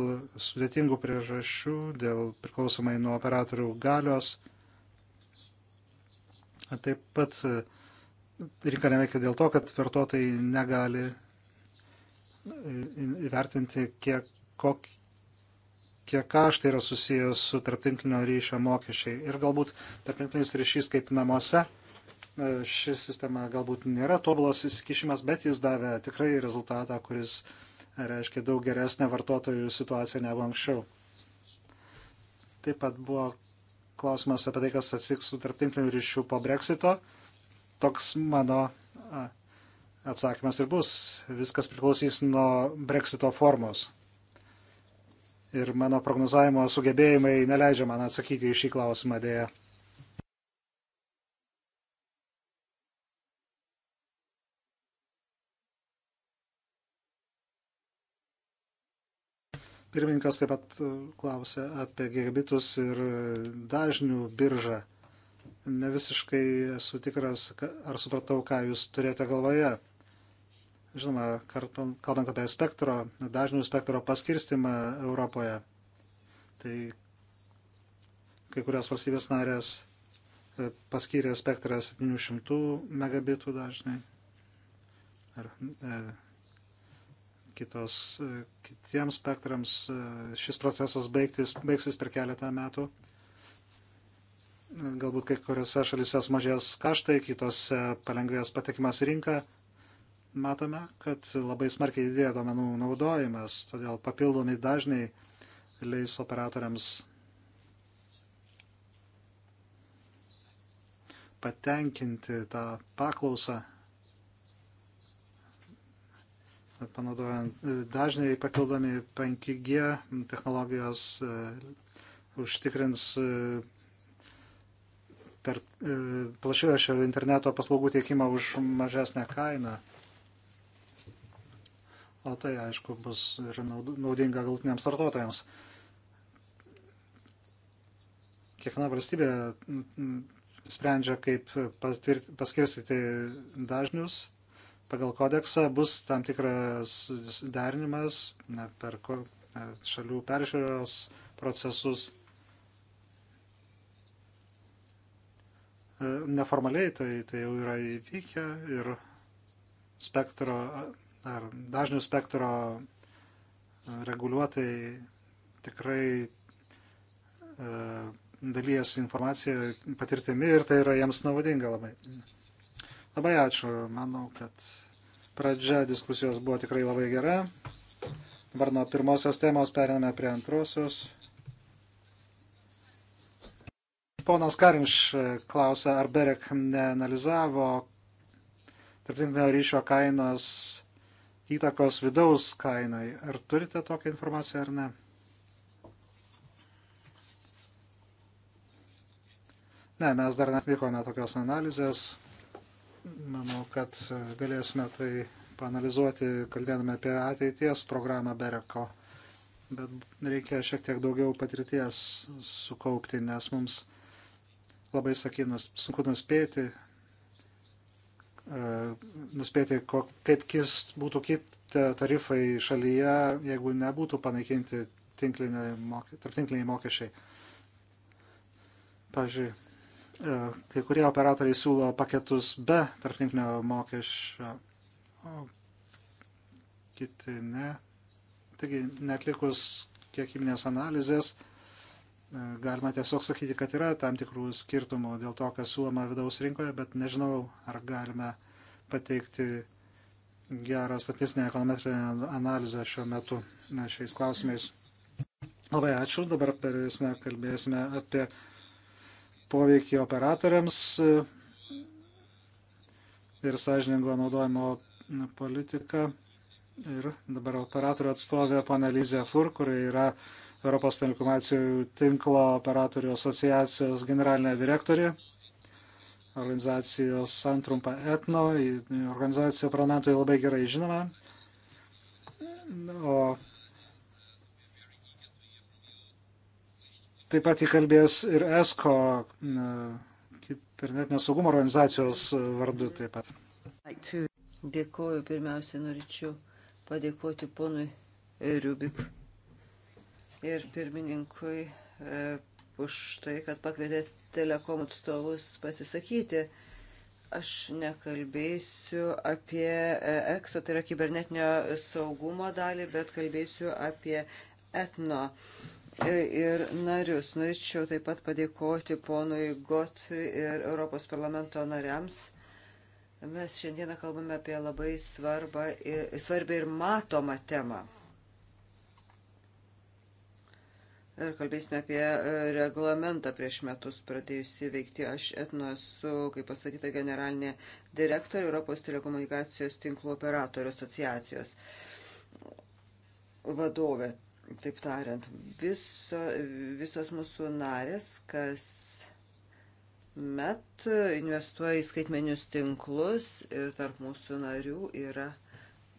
sudėtingų priežasčių, dėl priklausomai nuo operatorių galios Taip pat e, rinka neveikia dėl to, kad vartotojai negali e, įvertinti, kiek, kok, kiek kaštai yra susijęs su tarptinklinio ryšio mokesčiai. Ir galbūt tarptinklinis ryšys kaip namuose, e, ši sistema galbūt nėra tobulas įsikišimas, bet jis davė tikrai rezultatą, kuris reiškia daug geresnę vartotojų situaciją negu anksčiau. Taip pat buvo klausimas apie tai, kas atsiks su tarptinkliniu ryšiu po breksito. Toks mano atsakymas ir bus. Viskas priklausys nuo breksito formos. Ir mano prognozavimo sugebėjimai neleidžia man atsakyti į šį klausimą dėja. Pirmininkas taip pat e, klausė apie gigabitus ir e, dažnių biržą. Ne visiškai esu tikras, ar supratau, ką jūs turėjote galvoje. Žinoma, kartant, kalbant apie spektro, dažnių spektro paskirstimą Europoje, tai kai kurios valstybės narės e, paskyrė spektrą 700 megabitų dažnai ar e, kitos, e, kitiems spektrams e, šis procesas baigtis, baigsis per keletą metų. E, galbūt kai kuriuose šalise sumažės kaštai, kitose palengvės patekimas rinką. Matome, kad labai smarkiai didėja duomenų naudojimas, todėl papildomi dažniai leis operatoriams patenkinti tą paklausą panaudojant e, dažniai papildomi 5G technologijos e, užtikrins e, tarp plačiojo šio interneto paslaugų teikimą už mažesnę kainą. O tai, aišku, bus ir naudinga galutiniams vartotojams. Kiekviena valstybė sprendžia, kaip paskirstyti dažnius pagal kodeksą bus tam tikras derinimas per e, šalių peržiūros procesus. E, neformaliai tai, tai jau yra įvykę ir spektro ar dažnių spektro e, reguliuotojai tikrai dalyjas informaciją patirtimi ir tai yra jiems naudinga labai. Labai ačiū. Manau, kad pradžia diskusijos buvo tikrai labai gera. Dabar nuo pirmosios temos periname prie antrosios. Ponas Karinš e, klausia, ar Berek neanalizavo tarptinklinio ryšio kainos įtakos vidaus kainai. Ar turite tokią informaciją ar ne? Ne, mes dar neatlikome tokios analizės. Manau, kad galėsime tai panalizuoti, kalbėdami apie ateities programą Bereko. Bet reikia šiek tiek daugiau patirties sukaupti, nes mums labai sakinus, sunku nuspėti, e, nuspėti, kaip kis, būtų kiti tarifai šalyje, jeigu nebūtų panaikinti tarptinkliniai mokesčiai. Pavyzdžiui, E, kai kurie operatoriai siūlo paketus be tarptinklinio mokesčio, o kiti ne. Taigi, netlikus kiekiminės analizės, e, galima tiesiog sakyti, kad yra tam tikrų skirtumų dėl to, kas siūloma vidaus rinkoje, bet nežinau, ar galime pateikti gerą statistinę ekonometrinę analizę šiuo metu e, šiais klausimais. Labai ačiū. Dabar perėsime, kalbėsime apie poveikį operatoriams e, ir sąžiningo naudojimo politiką. Ir dabar operatorių atstovė pana Lizė Fur, kuri yra Europos telekomunikacijų tinklo operatorių asociacijos generalinė direktorė organizacijos santrumpa etno, organizacija parlamentui labai gerai žinoma. O Taip pat įkalbės ir ESCO kibernetinio saugumo organizacijos vardu taip pat. Dėkuoju, pirmiausia, norėčiau padėkoti ponui Rubik ir pirmininkui e, už tai, kad pakvietė telekom atstovus pasisakyti. Aš nekalbėsiu apie e, EXO, tai yra kibernetinio saugumo dalį, bet kalbėsiu apie etno ir narius. Norėčiau taip pat padėkoti ponui Gotfri ir Europos parlamento nariams. Mes šiandieną kalbame apie labai svarbą, svarbę ir matomą temą. Ir kalbėsime apie e, reglamentą prieš metus pradėjusi veikti. Aš etno esu, kaip pasakyta, generalinė direktorė Europos telekomunikacijos tinklų operatorių asociacijos vadovė taip tariant, viso, visos mūsų narės, kas met investuoja į skaitmenius tinklus ir tarp mūsų narių yra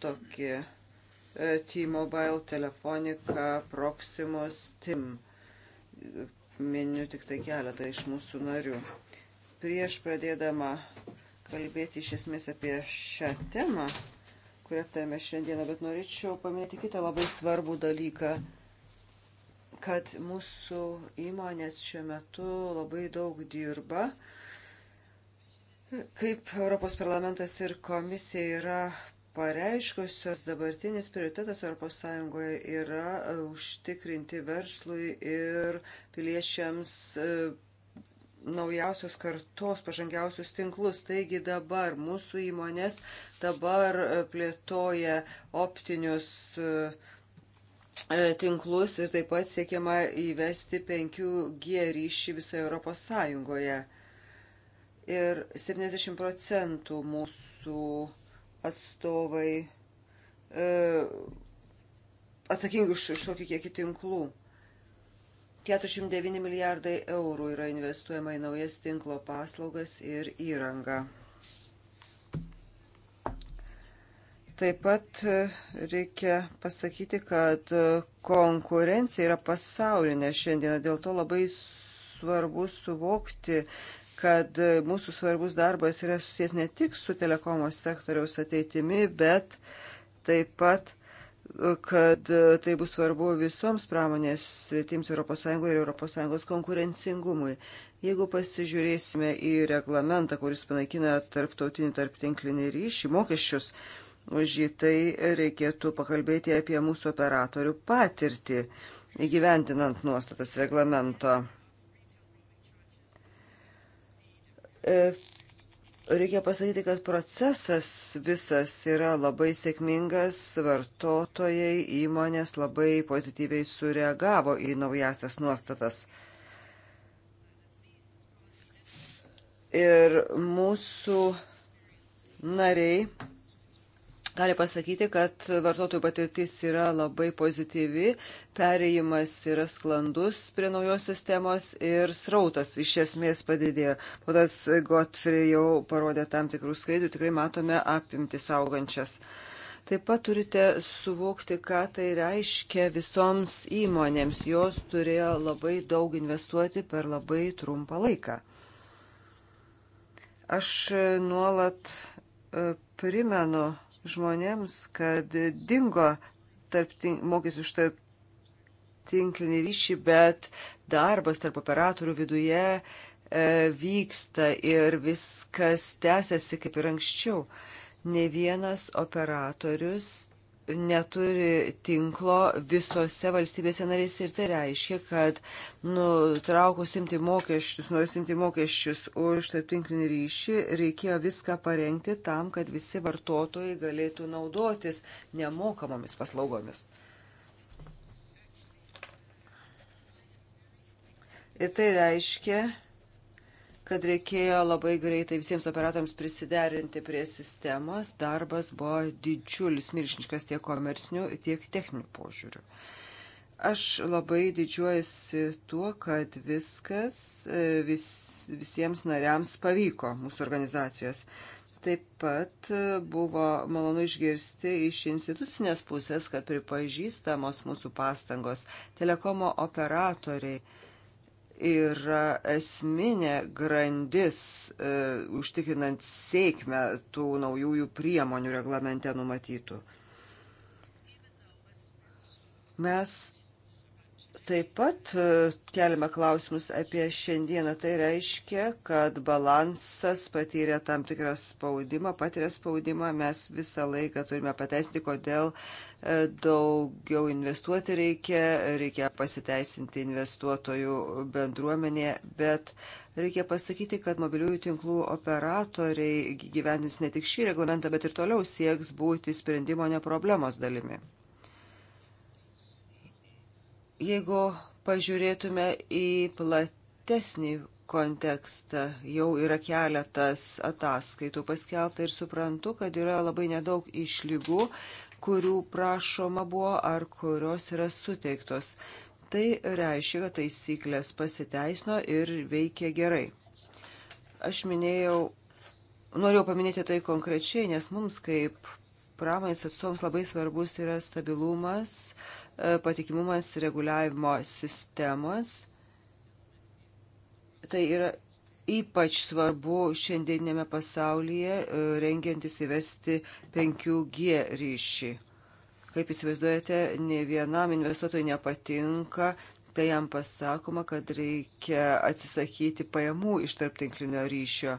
tokie e, T-Mobile, Telefonica, Proximus, TIM. Miniu tik tai keletą iš mūsų narių. Prieš pradėdama kalbėti iš esmės apie šią temą, kurį aptarėme šiandieną, bet norėčiau paminėti kitą labai svarbų dalyką, kad mūsų įmonės šiuo metu labai daug dirba. Kaip Europos parlamentas ir komisija yra pareiškusios dabartinis prioritetas ES yra e, užtikrinti verslui ir piliečiams e, naujausios kartos pažangiausius tinklus. Taigi dabar mūsų įmonės dabar e, plėtoja optinius e, e, tinklus ir taip pat siekiama įvesti 5G ryšį visoje Europos Sąjungoje. Ir 70 procentų mūsų atstovai e, atsakingi už, už tokį kiekį tinklų. 49 milijardai eurų yra investuojama į naujas tinklo paslaugas ir įrangą. Taip pat e, reikia pasakyti, kad e, konkurencija yra pasaulinė šiandieną, dėl to labai svarbu suvokti, kad e, mūsų svarbus darbas yra susijęs ne tik su telekomo sektoriaus ateitimi, bet taip pat kad e, tai bus svarbu visoms pramonės sritims ES ir ES konkurencingumui. Jeigu pasižiūrėsime į reglamentą, kuris panaikina tarptautinį tarptinklinį ryšį, mokesčius, už jį tai reikėtų pakalbėti apie mūsų operatorių patirtį, įgyvendinant nuostatas reglamento. E, Reikia pasakyti, kad procesas visas yra labai sėkmingas, vartotojai, įmonės labai pozityviai sureagavo į naujasias nuostatas. Ir mūsų nariai gali pasakyti, kad vartotojų patirtis yra labai pozityvi, pereimas yra sklandus prie naujos sistemos ir srautas iš esmės padidėjo. Ponas Godfrey jau parodė tam tikrų skaidrių, tikrai matome apimtis augančias. Taip pat turite suvokti, ką tai reiškia visoms įmonėms. Jos turėjo labai daug investuoti per labai trumpą laiką. Aš nuolat e, primenu žmonėms, kad dingo mokesčių už tarp tinklinį ryšį, bet darbas tarp operatorių viduje e, vyksta ir viskas tęsiasi kaip ir anksčiau. Ne vienas operatorius neturi tinklo visose valstybėse narėse ir tai reiškia, kad nutraukus imti mokesčius, norės imti mokesčius už taip tinklinį ryšį, reikėjo viską parengti tam, kad visi vartotojai galėtų naudotis nemokamomis paslaugomis. Ir tai reiškia, kad reikėjo labai greitai visiems operatoriams prisiderinti prie sistemos. Darbas buvo didžiulis, milžiniškas tiek komersinių, tiek techninių požiūrių. Aš labai didžiuojasi tuo, kad viskas e, vis, visiems nariams pavyko mūsų organizacijos. Taip pat e, buvo malonu išgirsti iš institucinės pusės, kad pripažįstamos mūsų pastangos telekomo operatoriai yra esminė grandis e, užtikrinant sėkmę tų naujųjų priemonių reglamente numatytų. Mes taip pat e, keliame klausimus apie šiandieną. Tai reiškia, kad balansas patyrė tam tikrą spaudimą, patiria spaudimą. Mes visą laiką turime pateisinti, kodėl e, daugiau investuoti reikia, reikia pasiteisinti investuotojų bendruomenėje, bet reikia pasakyti, kad mobiliųjų tinklų operatoriai gyvendins ne tik šį reglamentą, bet ir toliau sieks būti sprendimo ne problemos dalimi. Jeigu pažiūrėtume į platesnį kontekstą, jau yra keletas ataskaitų paskelbta ir suprantu, kad yra labai nedaug išlygų, kurių prašoma buvo ar kurios yra suteiktos. Tai reiškia, kad taisyklės pasiteisino ir veikia gerai. Aš minėjau, norėjau paminėti tai konkrečiai, nes mums kaip pramonės atstovams labai svarbus yra stabilumas, uh, patikimumas reguliavimo sistemos. Tai yra ypač svarbu šiandieninėme pasaulyje e, rengiantis įvesti 5G ryšį. Kaip įsivaizduojate, ne vienam investuotojui nepatinka, tai jam pasakoma, kad reikia atsisakyti pajamų iš tarptinklinio ryšio.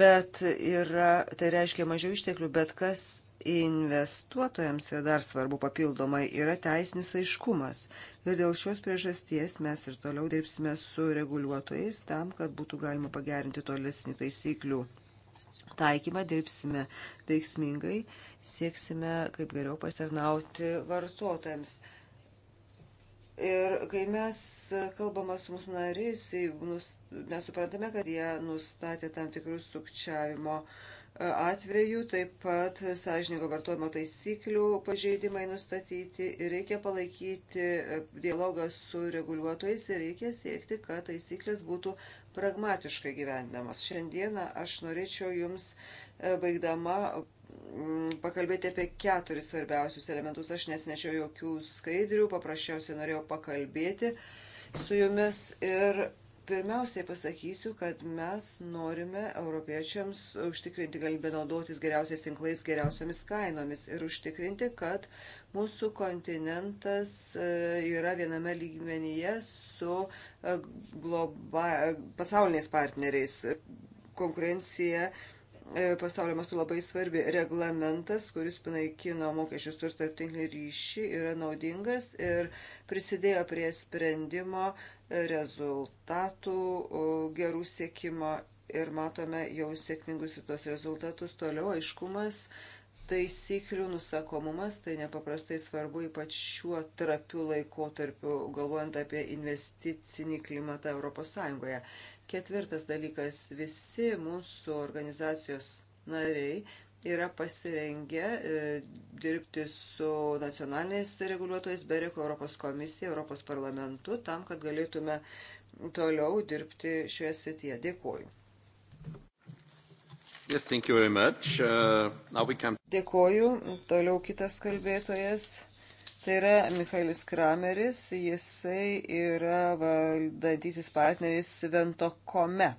Bet yra, tai reiškia mažiau išteklių, bet kas Investuotojams yra dar svarbu papildomai yra teisinis aiškumas ir dėl šios priežasties mes ir toliau dirbsime su reguliuotojais tam, kad būtų galima pagerinti tolesnį taisyklių taikymą, dirbsime veiksmingai, sieksime kaip geriau pasitarnauti vartotojams. Ir kai mes kalbame su mūsų nariais, mes suprantame, kad jie nustatė tam tikrus sukčiavimo uh, atveju, taip pat sąžininko vartojimo taisyklių pažeidimai nustatyti ir reikia palaikyti e, dialogą su reguliuotojais ir reikia siekti, kad taisyklės būtų pragmatiškai gyvendamas. Šiandieną aš norėčiau Jums e, baigdama pakalbėti apie keturis svarbiausius elementus. Aš nesnešiau jokių skaidrių, paprasčiausiai norėjau pakalbėti su Jumis ir Pirmiausiai pasakysiu, kad mes norime europiečiams užtikrinti galimybę naudotis geriausiais tinklais, geriausiomis kainomis ir užtikrinti, kad mūsų kontinentas e, yra viename lygmenyje su e, globa, pasauliniais partneriais. Konkurencija e, pasaulio mastu labai svarbi. Reglamentas, kuris panaikino mokesčius ir tarptinklinį ryšį, yra naudingas ir prisidėjo prie sprendimo uh, rezultatų gerų siekimo ir matome jau sėkmingus į tuos rezultatus. Toliau aiškumas, taisyklių nusakomumas, tai nepaprastai svarbu, ypač šiuo trapiu laikotarpiu, galvojant apie investicinį klimatą ES. Ketvirtas dalykas - visi mūsų organizacijos nariai yra pasirengę e, dirbti su nacionaliniais reguliuotojais, Beriko Europos komisija, Europos parlamentu, tam, kad galėtume toliau dirbti šioje srityje. Dėkuoju. Yes, uh, can... Dėkuoju. Toliau kitas kalbėtojas. Tai yra Michaelis Krameris, jisai yra valdantysis partneris Ventokome.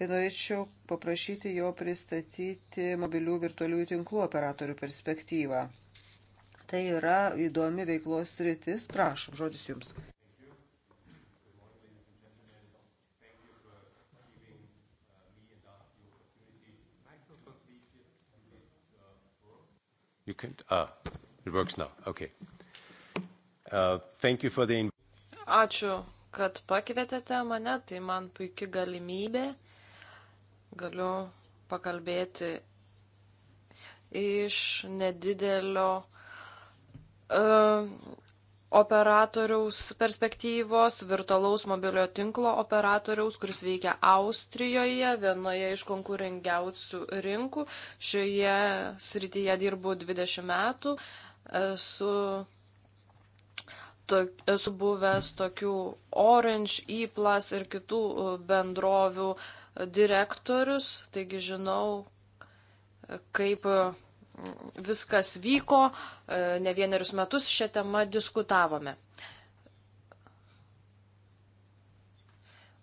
Ir norėčiau paprašyti jo pristatyti mobilių virtualiųjų tinklų operatorių perspektyvą. Tai yra įdomi veiklos rytis. Prašom, žodis jums. You can, ah, it works now. Okay. Uh, thank you for the. Ačiū, kad pakvietėte mane, tai man puikia galimybė galiu pakalbėti iš nedidelio uh, operatoriaus perspektyvos, virtualaus mobiliojo tinklo operatoriaus, kuris veikia Austrijoje, vienoje iš konkurengiausių rinkų. Šioje srityje dirbu 20 metų. Esu, to, esu buvęs tokių Orange, E-Plus ir kitų e, bendrovių uh, direktorius, taigi žinau, kaip viskas vyko, e, ne vienerius metus šią temą diskutavome.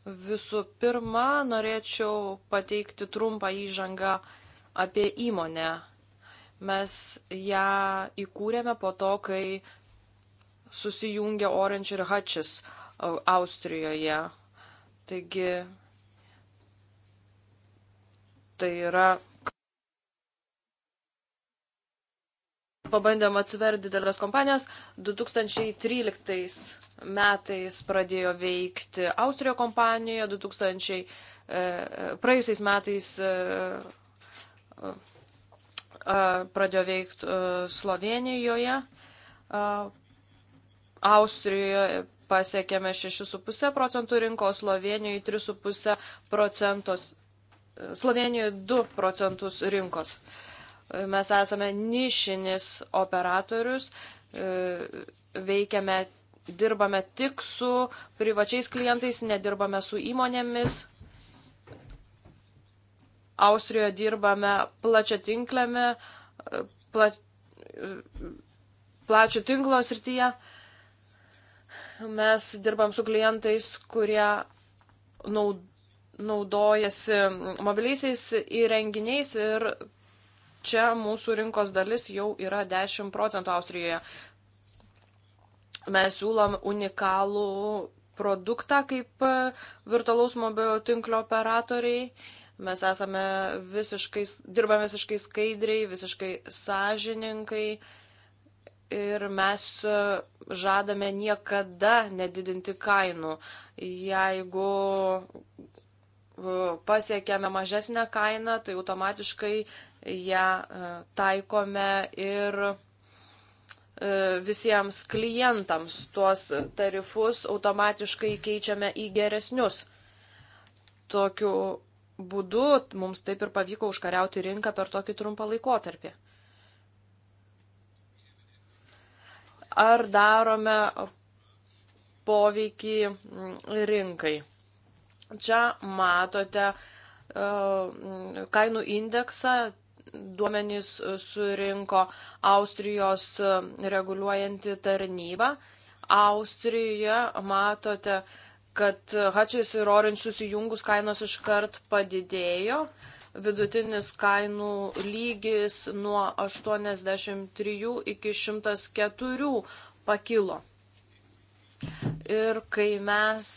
Visų pirma, norėčiau pateikti trumpą įžangą apie įmonę. Mes ją įkūrėme po to, kai susijungė Orange ir Hutchis e, Austrijoje. Taigi Tai yra, pabandėm atsverti didelės kompanijas. 2013 metais pradėjo veikti Austrijo kompanija, 2000, e, praėjusiais metais e, e, pradėjo veikti e, Slovenijoje. E, Austrijoje pasiekėme 6,5 procentų rinkos, Slovenijoje 3,5 procentos Slovenijoje 2 procentus rinkos. Mes esame nišinis operatorius, e, veikiame, dirbame tik su privačiais klientais, nedirbame su įmonėmis. Austrijoje dirbame plačiatinklėme, e, pla, e, plačio tinklo srityje. Mes dirbam su klientais, kurie naudoja naudojasi mobiliaisiais įrenginiais ir čia mūsų rinkos dalis jau yra 10 procentų Austrijoje. Mes siūlom unikalų produktą kaip e, virtualaus mobilio tinklo operatoriai. Mes esame visiškai, dirbame visiškai skaidriai, visiškai sąžininkai ir mes e, žadame niekada nedidinti kainų. Jeigu pasiekėme mažesnę kainą, tai automatiškai ją e, taikome ir e, visiems klientams. Tuos tarifus automatiškai keičiame į geresnius. Tokiu būdu mums taip ir pavyko užkariauti rinką per tokį trumpą laikotarpį. Ar darome poveikį rinkai? Čia matote e, kainų indeksą, duomenys surinko Austrijos reguliuojanti tarnyba. Austrijoje matote, kad Hatchis ir Orange susijungus kainos iškart padidėjo. Vidutinis kainų lygis nuo 83 iki 104 pakilo. Ir kai mes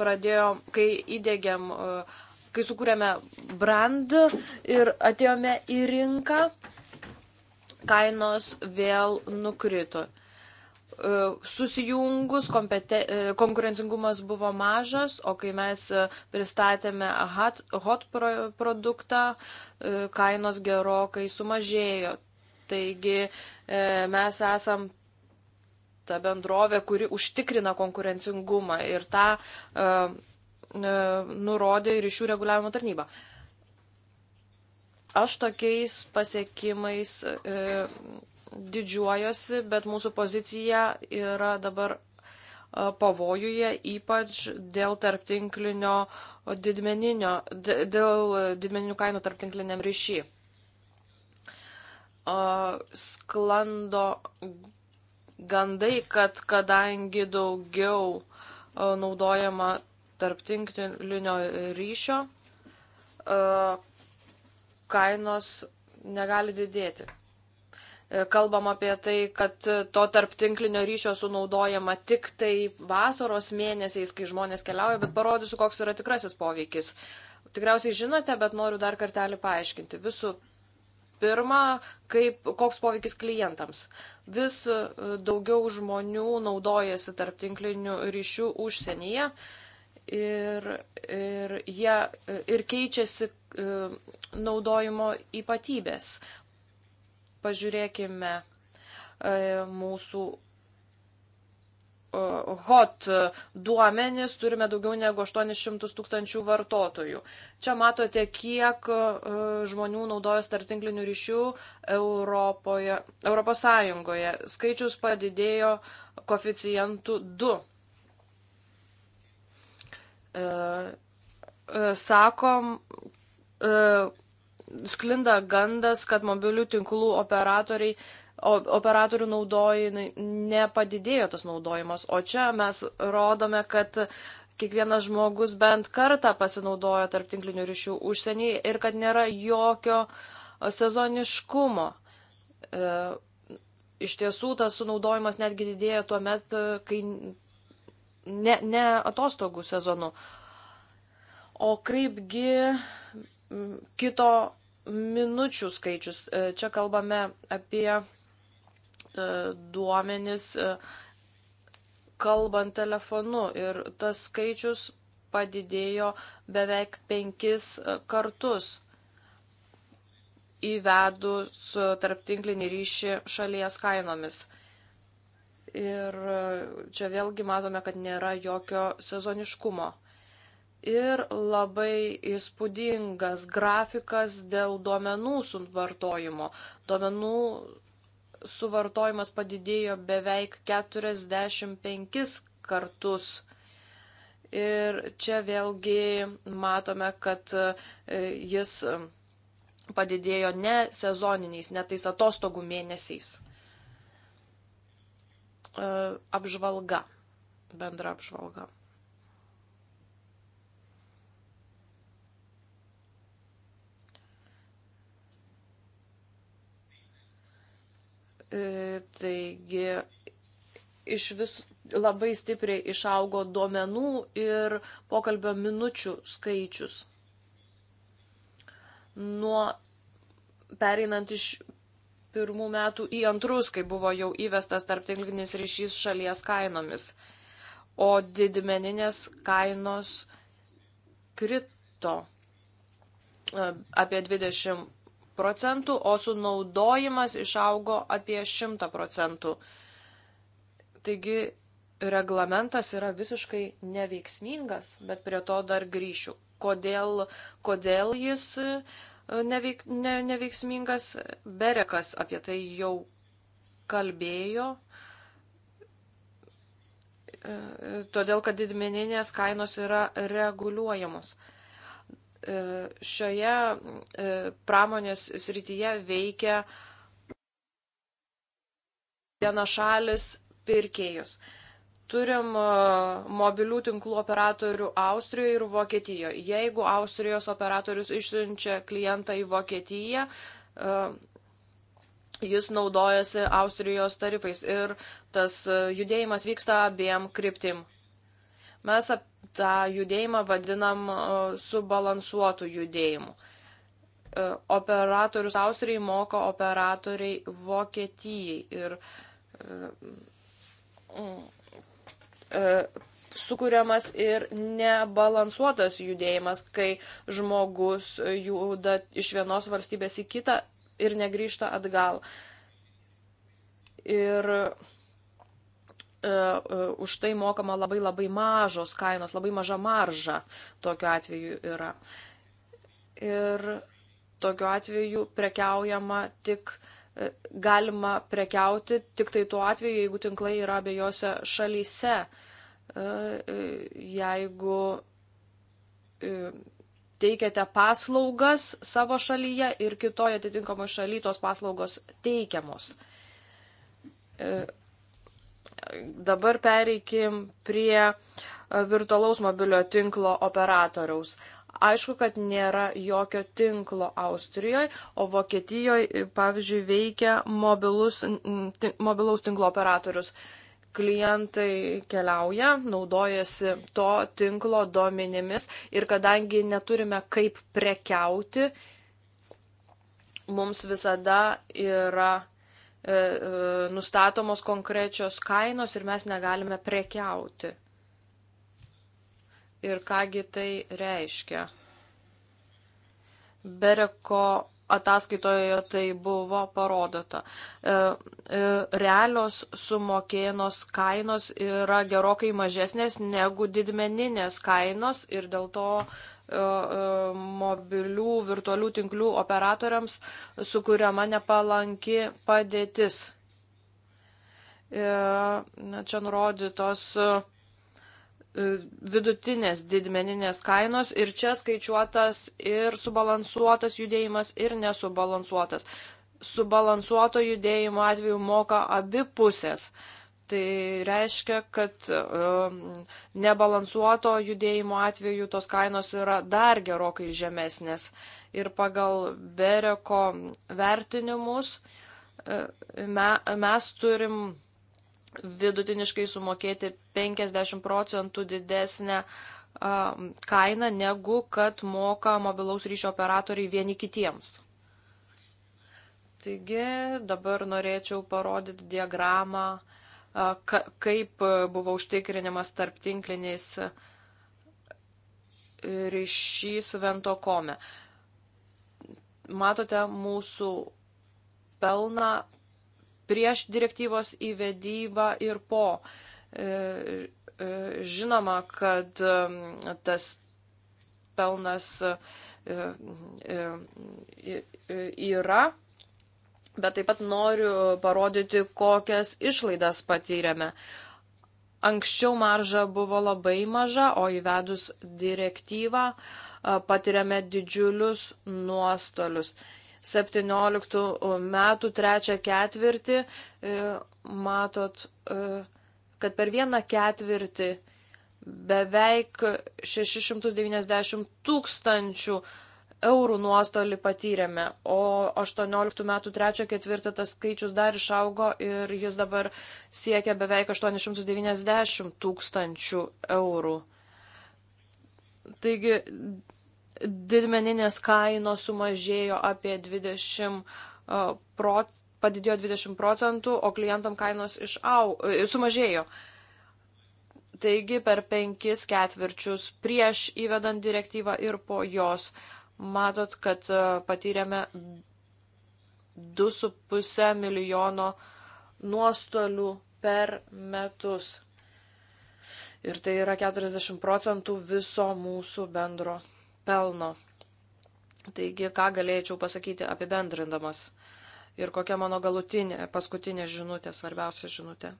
pradėjom, kai įdėgiam, e, kai sukūrėme brand ir atėjome į rinką, kainos vėl nukrito. E, susijungus kompete, e, konkurencingumas buvo mažas, o kai mes pristatėme hot, hot pro, produktą, kainos gerokai sumažėjo. Taigi mes esam ta bendrovė, kuri užtikrina konkurencingumą ir tą e, e, nurodė ir iš jų reguliavimo tarnyba. Aš tokiais pasiekimais e, didžiuojosi, bet mūsų pozicija yra dabar e, pavojuje, ypač dėl tarptinklinio didmeninio, dėl didmeninių kainų tarptinkliniam ryšy. E, sklando gandai, kad kadangi daugiau e, naudojama tarptinklinio ryšio, e, kainos negali didėti. E, kalbam apie tai, kad to tarptinklinio ryšio sunaudojama tik tai vasaros mėnesiais, kai žmonės keliauja, bet parodysiu, koks yra tikrasis poveikis. Tikriausiai žinote, bet noriu dar kartelį paaiškinti. Visų Pirma, kaip, koks poveikis klientams. Vis e, daugiau žmonių naudojasi tarp tinklinių ryšių užsienyje ir, ir, jie, e, ir keičiasi e, naudojimo ypatybės. Pažiūrėkime mūsų E, hot duomenys, turime daugiau negu 800 tūkstančių vartotojų. Čia matote, kiek e, žmonių naudoja startinklinių ryšių Europoje, Europos Sąjungoje. Skaičius padidėjo koficijantų 2. E, sakom, sklinda gandas, kad mobilių tinklų operatoriai operatorių naudojimai nepadidėjo tas naudojimas. O čia mes rodome, kad kiekvienas žmogus bent kartą pasinaudoja tarp tinklinių ryšių užsienį ir kad nėra jokio sezoniškumo. E, iš tiesų tas sunaudojimas netgi didėja tuo met, kai ne, ne atostogų sezonu. O kaipgi kito minučių skaičius. E, čia kalbame apie E, duomenis e, kalbant telefonu ir tas skaičius padidėjo beveik penkis e, kartus įvedus tarptinklinį ryšį šalies kainomis. Ir čia vėlgi matome, kad nėra jokio sezoniškumo. Ir labai įspūdingas grafikas dėl duomenų suvartojimo. Duomenų suvartojimas padidėjo beveik 45 kartus. Ir čia vėlgi matome, kad e, jis padidėjo ne sezoniniais, ne tais atostogų mėnesiais. E, apžvalga, bendra apžvalga. E, taigi iš vis labai stipriai išaugo duomenų ir pokalbio minučių skaičius. Nuo pereinant iš pirmų metų į antrus, kai buvo jau įvestas tarptinklinis ryšys šalies kainomis, o didmeninės kainos krito e, apie 20 procentų, o sunaudojimas išaugo apie 100 procentų. Taigi reglamentas yra visiškai neveiksmingas, bet prie to dar grįšiu. Kodėl, kodėl jis e, neveik, ne, neveiksmingas? Berekas apie tai jau kalbėjo. E, todėl, kad didmeninės kainos yra reguliuojamos. E, šioje e, pramonės srityje veikia vienašalis pirkėjus. Turim e, mobilių tinklų operatorių Austrijoje ir Vokietijoje. Jeigu Austrijos operatorius išsiunčia klientą į Vokietiją, jis naudojasi Austrijos tarifais ir tas judėjimas vyksta abiem kryptim. Mes ap tą judėjimą vadinam e, subalansuotų judėjimų. E, operatorius Austrijai moka operatoriai Vokietijai ir e, mm, sukūriamas ir nebalansuotas judėjimas, kai žmogus juda iš vienos valstybės į kitą ir negrįžta atgal. Ir E, e, už tai mokama labai labai mažos kainos, labai maža marža tokiu atveju yra. Ir tokiu atveju prekiaujama tik e, galima prekiauti tik tai tuo atveju, jeigu tinklai yra abiejose šalyse. Jeigu teikiate paslaugas savo šalyje ir kitoje atitinkamoje šalyje tos paslaugos teikiamos Dabar pereikim prie e, virtualaus mobilio tinklo operatoriaus. Aišku, kad nėra jokio tinklo Austrijoje, o Vokietijoje, pavyzdžiui, veikia mobilus, mobilaus tinklo operatorius. Klientai keliauja, naudojasi to tinklo duomenimis ir kadangi neturime kaip prekiauti, mums visada yra E, e, nustatomos konkrečios kainos ir mes negalime prekiauti. Ir kągi tai reiškia? Bereko ataskaitoje tai buvo parodota. E, realios sumokėnos kainos yra gerokai mažesnės negu didmeninės kainos ir dėl to uh, E, e, mobilių virtualių tinklių operatoriams sukūriama nepalanki padėtis. Ir e, čia nurodytos vidutinės didmeninės kainos ir čia skaičiuotas ir subalansuotas judėjimas ir nesubalansuotas. Subalansuoto judėjimo atveju moka abi pusės. Uh, Tai reiškia, kad um, nebalansuoto judėjimo atveju tos kainos yra dar gerokai žemesnės. Ir pagal Bereko vertinimus e, mes turim vidutiniškai sumokėti 50 procentų didesnę kainą, negu kad moka mobilaus ryšio operatoriai vieni kitiems. Taigi dabar norėčiau parodyti diagramą kaip buvo užtikrinimas tarp tinkliniais ryšys su Ventokome. Matote mūsų pelną prieš direktyvos įvedybą ir po. E, e, žinoma, kad tas pelnas e, yra bet taip pat noriu parodyti, kokias išlaidas patyrėme. Anksčiau marža buvo labai maža, o įvedus direktyvą patiriame didžiulius nuostolius. 17 metų trečią ketvirtį e, matot, e, kad per vieną ketvirtį beveik 690 tūkstančių eurų nuostolį patyrėme, o 18 metų 3-4 tas skaičius dar išaugo ir jis dabar siekia beveik 890 tūkstančių eurų. Taigi didmeninės kainos sumažėjo apie 20 procentų, padidėjo 20 procentų, o klientam kainos išau, e, sumažėjo. Taigi per penkis ketvirčius prieš įvedant direktyvą ir po jos matot, kad e, patyrėme 2,5 milijono nuostolių per metus. Ir tai yra 40 procentų viso mūsų bendro pelno. Taigi, ką galėčiau pasakyti apibendrindamas ir kokia mano galutinė, paskutinė žinutė, svarbiausia žinutė.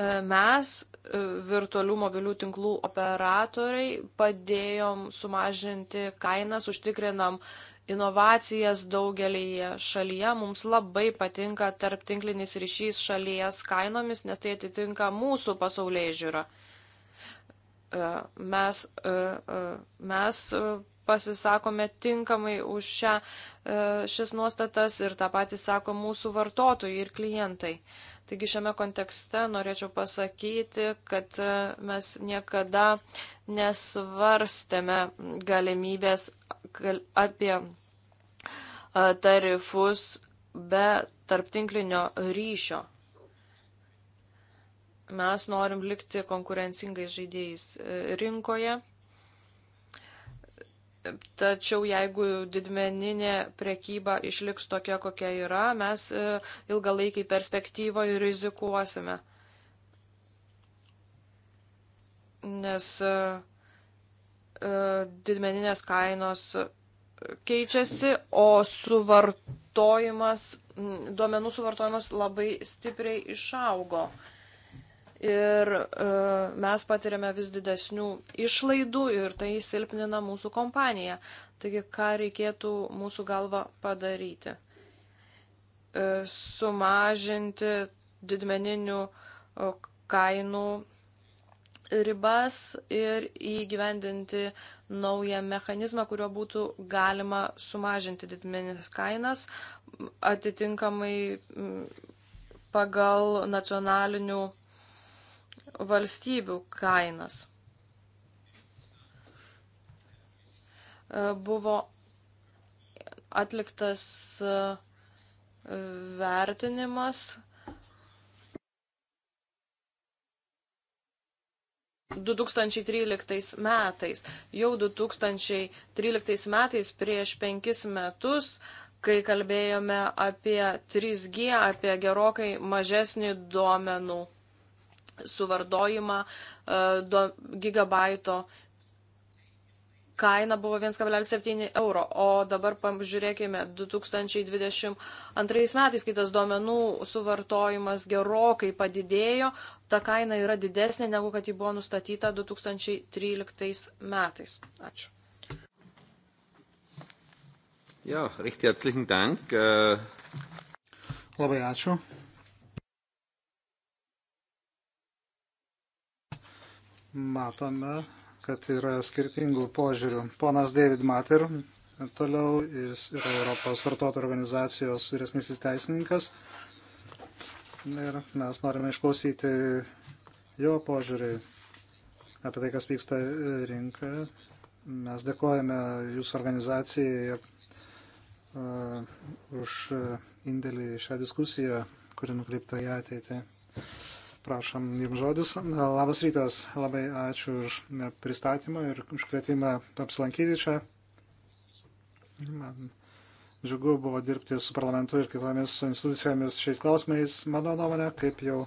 E, mes, e, virtualių mobilių tinklų operatoriai, padėjom sumažinti kainas, užtikrinam inovacijas daugelį šalyje. Mums labai patinka tarptinklinis ryšys šalies kainomis, nes tai atitinka mūsų pasaulyje žiūrą. E, mes, mes pasisakome tinkamai už šią, šias nuostatas ir tą patį sako mūsų vartotojai ir klientai. Uh, Taigi šiame kontekste norėčiau pasakyti, kad e, mes niekada nesvarstėme galimybės apie e, tarifus be tarptinklinio ryšio. Mes norim likti konkurencingais žaidėjais e, rinkoje Tačiau jeigu didmeninė prekyba išliks tokia, kokia yra, mes e, ilgalaikiai perspektyvoje rizikuosime. Nes e, e, didmeninės kainos keičiasi, o suvartojimas, duomenų suvartojimas labai stipriai išaugo ir e, mes patiriame vis didesnių išlaidų ir tai silpnina mūsų kompaniją. Taigi, ką reikėtų mūsų galva padaryti? E, sumažinti didmeninių e, kainų ribas ir įgyvendinti naują mechanizmą, kuriuo būtų galima sumažinti didmenis kainas atitinkamai pagal nacionalinių valstybių kainas. E, buvo atliktas e, vertinimas 2013 metais. Jau 2013 metais prieš penkis metus, kai kalbėjome apie 3G, apie gerokai mažesnį duomenų suvardojimą e, gigabaito. Kaina buvo 1,7 euro, o dabar pažiūrėkime, 2022 metais, kai tas duomenų suvartojimas gerokai padidėjo, ta kaina yra didesnė negu kad ji buvo nustatyta 2013 metais. Ačiū. Ja, recht herzlichen Dank. Äh. Labai ačiū. matome, kad yra skirtingų požiūrių. Ponas David Mater, toliau jis yra Europos vartotojų organizacijos vyresnysis teisininkas. Ir mes norime išklausyti jo požiūrį apie tai, kas vyksta rinkoje. Mes dėkojame jūsų organizacijai uh, už indėlį šią diskusiją, kuri nukreipta į ateitį. Prašom, jums žodis. Labas rytas, labai ačiū už pristatymą ir už kvietimą apsilankyti čia. Man džiugu buvo dirbti su parlamentu ir kitomis institucijomis šiais klausimais. Mano nuomonė, kaip jau,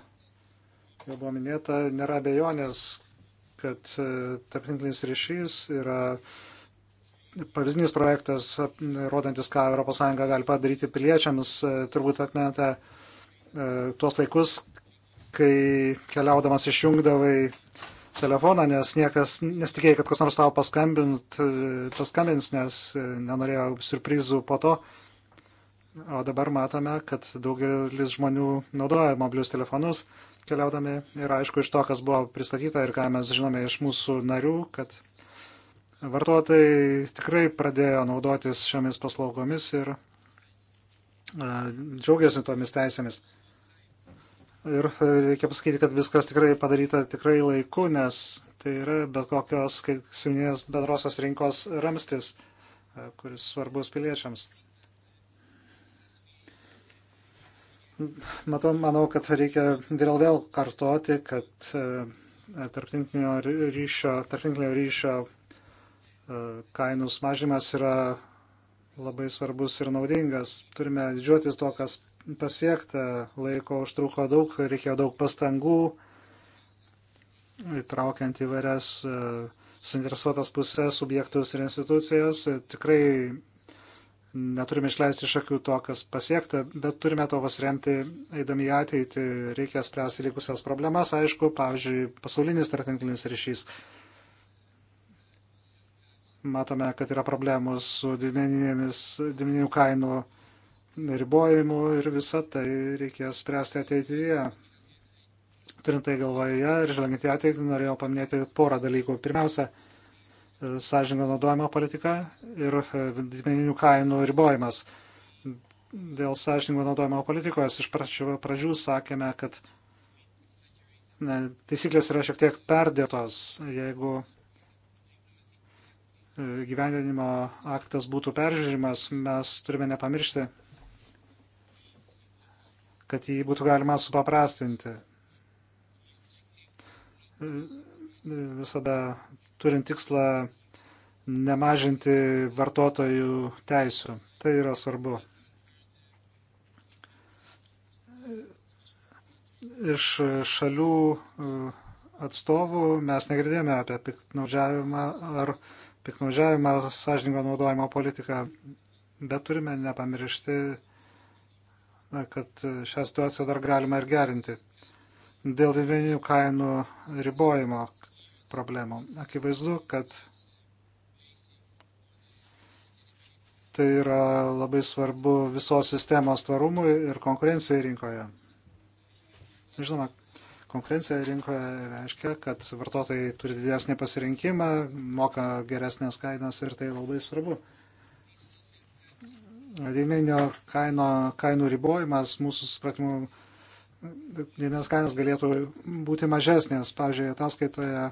jau buvo minėta, nėra bejonės, kad e, tarptinklinis ryšys yra pavyzdinis projektas, rodantis, ką ES gali padaryti piliečiams, e, turbūt atmeta e, tuos laikus, kai keliaudamas išjungdavai telefoną, nes niekas nesitikėjo, kad kas nors tau paskambint, paskambins, nes e, nenorėjo surprizų po to. O dabar matome, kad daugelis žmonių naudoja mobilius telefonus keliaudami ir aišku iš to, kas buvo pristatyta ir ką mes žinome iš mūsų narių, kad vartotojai tikrai pradėjo naudotis šiomis paslaugomis ir e, džiaugiasi tomis teisėmis. Ir e, reikia pasakyti, kad viskas tikrai padaryta tikrai laiku, nes tai yra bet kokios, kaip siminės, bendrosios rinkos ramstis, e, kuris svarbus piliečiams. Matau, manau, kad reikia vėl vėl kartoti, kad e, tarptinklinio ryšio, tarptinklinio ryšio kainų sumažinimas yra labai svarbus ir naudingas. Turime didžiuotis to, kas pasiekta, laiko užtruko daug, reikėjo daug pastangų, įtraukiant įvairias e, suinteresuotas pusės, subjektus ir institucijas. Tikrai neturime išleisti iš akių to, kas pasiekta, bet turime to pasiremti, eidami į ateitį, reikia spręsti likusias problemas, aišku, pavyzdžiui, pasaulinis tarptinklinis ryšys. Matome, kad yra problemų su didmeninių kainų ribojimų ir visą tai reikės spręsti ateityje. Turint tai galvoje ir žvelgiant į ateitį, norėjau paminėti porą dalykų. Pirmiausia, sąžininko naudojimo politika ir didmeninių kainų ribojimas. Dėl sąžininko naudojimo politikos iš pradžių, pradžių sakėme, kad ne, taisyklės yra šiek tiek perdėtos. Jeigu e, gyvendinimo aktas būtų peržiūrimas, mes turime nepamiršti kad jį būtų galima supaprastinti. Visada turint tikslą nemažinti vartotojų teisų. Tai yra svarbu. Iš šalių e, atstovų mes negirdėjome apie piknaudžiavimą ar piknaudžiavimą sąžininko naudojimo politiką, bet turime nepamiršti na, kad e, šią situaciją dar galima ir gerinti. Dėl vilninių kainų ribojimo problemų. Akivaizdu, kad tai yra labai svarbu visos sistemos tvarumui ir konkurencijai rinkoje. Žinoma, konkurencija rinkoje reiškia, kad vartotojai turi didesnį pasirinkimą, moka geresnės kainas ir tai labai svarbu dėmenio kaino, kainų ribojimas mūsų supratimu dėmenės kainos galėtų būti mažesnės. Pavyzdžiui, ataskaitoje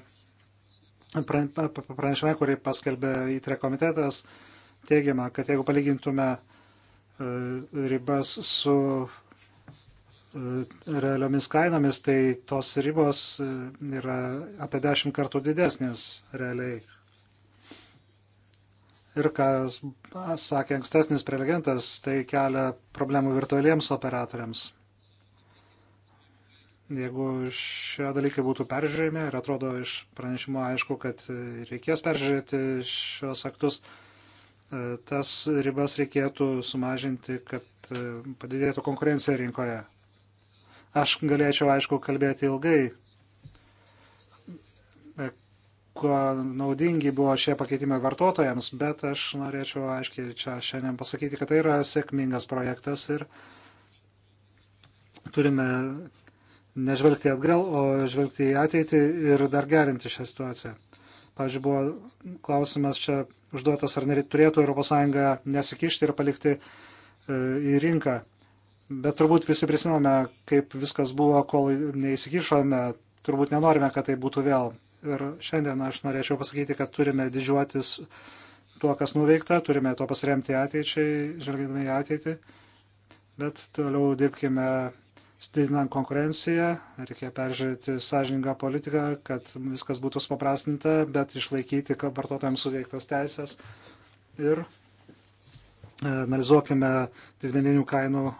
pranešime, kurį paskelbė įtre komitetas, teigiama, kad jeigu palygintume e, ribas su e, realiomis kainomis, tai tos ribos e, yra apie 10 kartų didesnės realiai ir kas sakė ankstesnis prelegentas, tai kelia problemų virtualiems operatoriams. Jeigu šie dalykai būtų peržiūrėjami ir atrodo iš pranešimo aišku, kad reikės peržiūrėti šios aktus, e, tas ribas reikėtų sumažinti, kad e, padidėtų konkurencija rinkoje. Aš galėčiau aišku kalbėti ilgai kuo naudingi buvo šie pakeitimai vartotojams, bet aš norėčiau aiškiai čia šiandien pasakyti, kad tai yra sėkmingas projektas ir turime nežvelgti atgal, o žvelgti į ateitį ir dar gerinti šią situaciją. Pavyzdžiui, buvo klausimas čia užduotas, ar turėtų ES nesikišti ir palikti e, į rinką. Bet turbūt visi prisimame, kaip viskas buvo, kol neįsikišome, turbūt nenorime, kad tai būtų vėl. Ir šiandien aš norėčiau pasakyti, kad turime didžiuotis tuo, kas nuveikta, turime to pasiremti ateičiai, žvelgdami į ateitį, bet toliau dirbkime didinant konkurenciją, reikia peržiūrėti sąžiningą politiką, kad viskas būtų supaprastinta, bet išlaikyti vartotojams suteiktas teisės ir e, analizuokime didmeninių kainų e,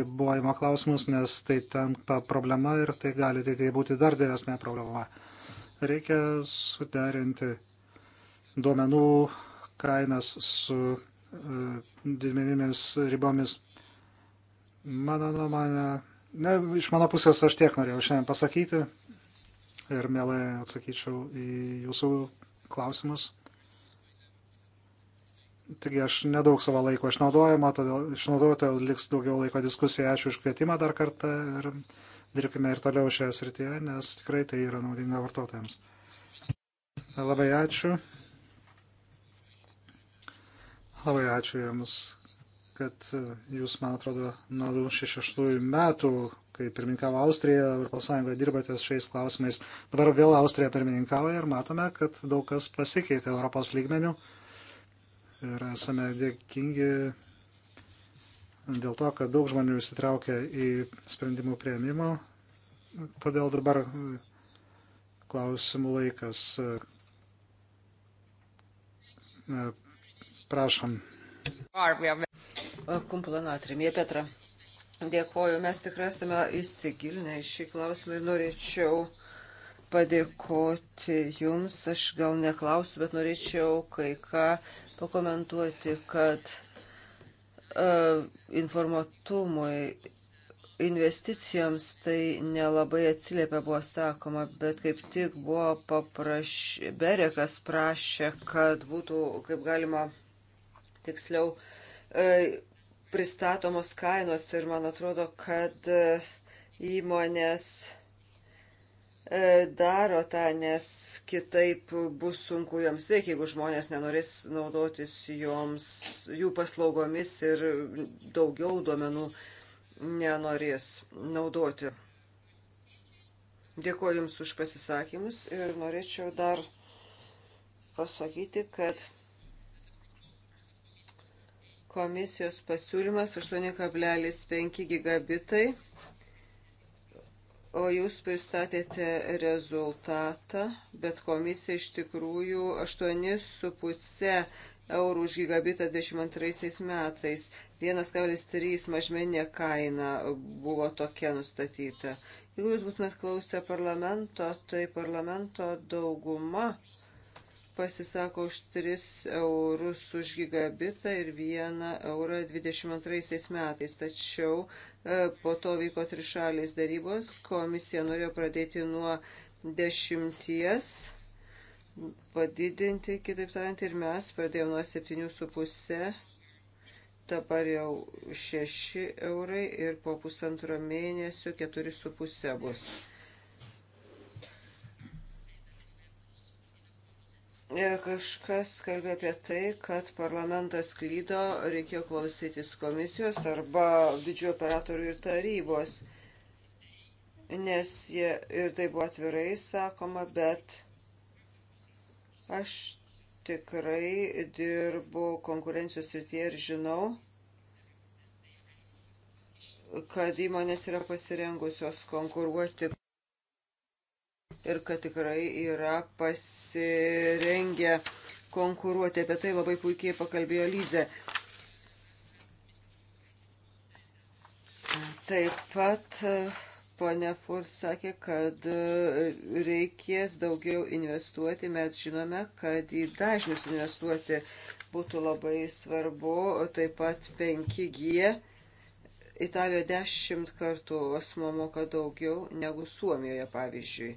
ribojimo klausimus, nes tai tampa problema ir tai gali ateityje būti dar didesnė problema. Reikia suderinti duomenų kainas su e, didmeninėmis ribomis. Mano nuomonė, ne, iš mano pusės aš tiek norėjau šiandien pasakyti ir mielai atsakyčiau į jūsų klausimus. Taigi aš nedaug savo laiko išnaudojimo, todėl, išnaudoju, todėl liks daugiau laiko diskusijai. Ačiū už kvietimą dar kartą ir dirbkime ir toliau šioje srityje, nes tikrai tai yra naudinga vartotojams. Labai ačiū. Labai ačiū Jums, kad e, Jūs, man atrodo, nuo 2006 metų, kai pirmininkavo Austrija, Europos Sąjunga dirbate šiais klausimais. Dabar vėl Austrija pirmininkauja ir matome, kad daug kas pasikeitė Europos lygmenių. Ir esame dėkingi dėl to, kad daug žmonių įsitraukia į sprendimų prieimimo. Todėl dabar e, klausimų laikas. E, e, prašom. Kumpulanatrimė Petra. Dėkoju, mes tikrai esame įsigilinę į šį klausimą ir norėčiau padėkoti Jums. Aš gal neklausiu, bet norėčiau kai ką pakomentuoti, kad E, informuotumui, investicijoms tai nelabai atsiliepia buvo sakoma, bet kaip tik buvo paprašė, Berekas prašė, kad būtų kaip galima tiksliau e, pristatomos kainos ir man atrodo, kad e, įmonės E, daro tą, nes kitaip bus sunku joms veikti, jeigu žmonės nenorės naudotis joms, jų paslaugomis ir daugiau duomenų nenorės naudoti. Dėkuoju Jums už pasisakymus ir norėčiau dar pasakyti, kad komisijos pasiūlymas 8,5 gigabitai O jūs pristatėte rezultatą, bet komisija iš tikrųjų 8,5 eurų už gigabitą 22 metais. 1,3 mažmenė kaina buvo tokia nustatyta. Jeigu jūs būtumėt klausę parlamento, tai parlamento dauguma pasisako už 3 eurus už gigabitą ir 1 eurą 22 metais. Tačiau E, po to vyko trišalės darybos, komisija norėjo pradėti nuo dešimties padidinti, kitaip tariant, ir mes pradėjome nuo 7,5, dabar jau 6 eurai ir po pusantro mėnesio 4,5 bus. E, kažkas kalbėjo apie tai, kad parlamentas klydo, reikėjo klausytis komisijos arba didžiųjų operatorių ir tarybos, nes jie ir tai buvo atvirai sakoma, bet aš tikrai dirbu konkurencijos srityje ir žinau, kad įmonės yra pasirengusios konkuruoti ir kad tikrai yra pasirengę konkuruoti. Apie tai labai puikiai pakalbėjo Lyze. Taip pat e, ponia Fur sakė, kad e, reikės daugiau investuoti. Mes žinome, kad į dažnius investuoti būtų labai svarbu. Taip pat 5G. Italijoje dešimt kartų asmo moka daugiau negu Suomijoje, pavyzdžiui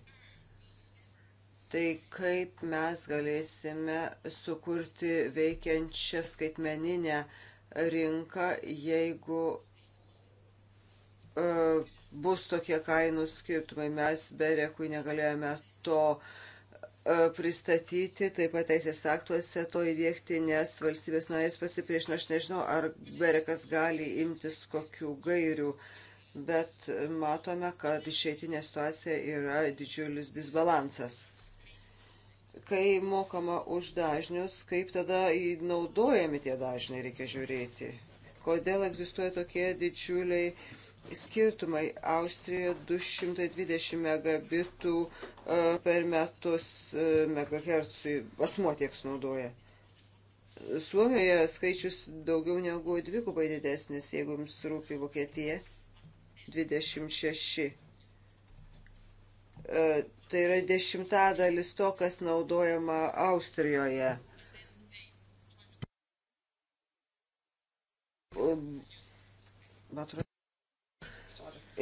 tai kaip mes galėsime sukurti veikiančią skaitmeninę rinką, jeigu uh, bus tokie kainų skirtumai. Mes berekui negalėjome to uh, pristatyti, taip pat teisės aktuose to įdėkti, nes valstybės narės pasipriešino, aš nežinau, ar berekas gali imtis kokių gairių, bet matome, kad išeitinė situacija yra didžiulis disbalansas kai mokama už dažnius, kaip tada naudojami tie dažniai reikia žiūrėti. Kodėl egzistuoja tokie didžiuliai skirtumai. Austrijoje 220 megabitų e, per metus e, megahertzui asmuo tiek sunaudoja. Suomijoje skaičius daugiau negu dvigubai didesnis, jeigu jums rūpi Vokietija. 26 E, tai yra dešimtadalis to, kas naudojama Austrijoje. E,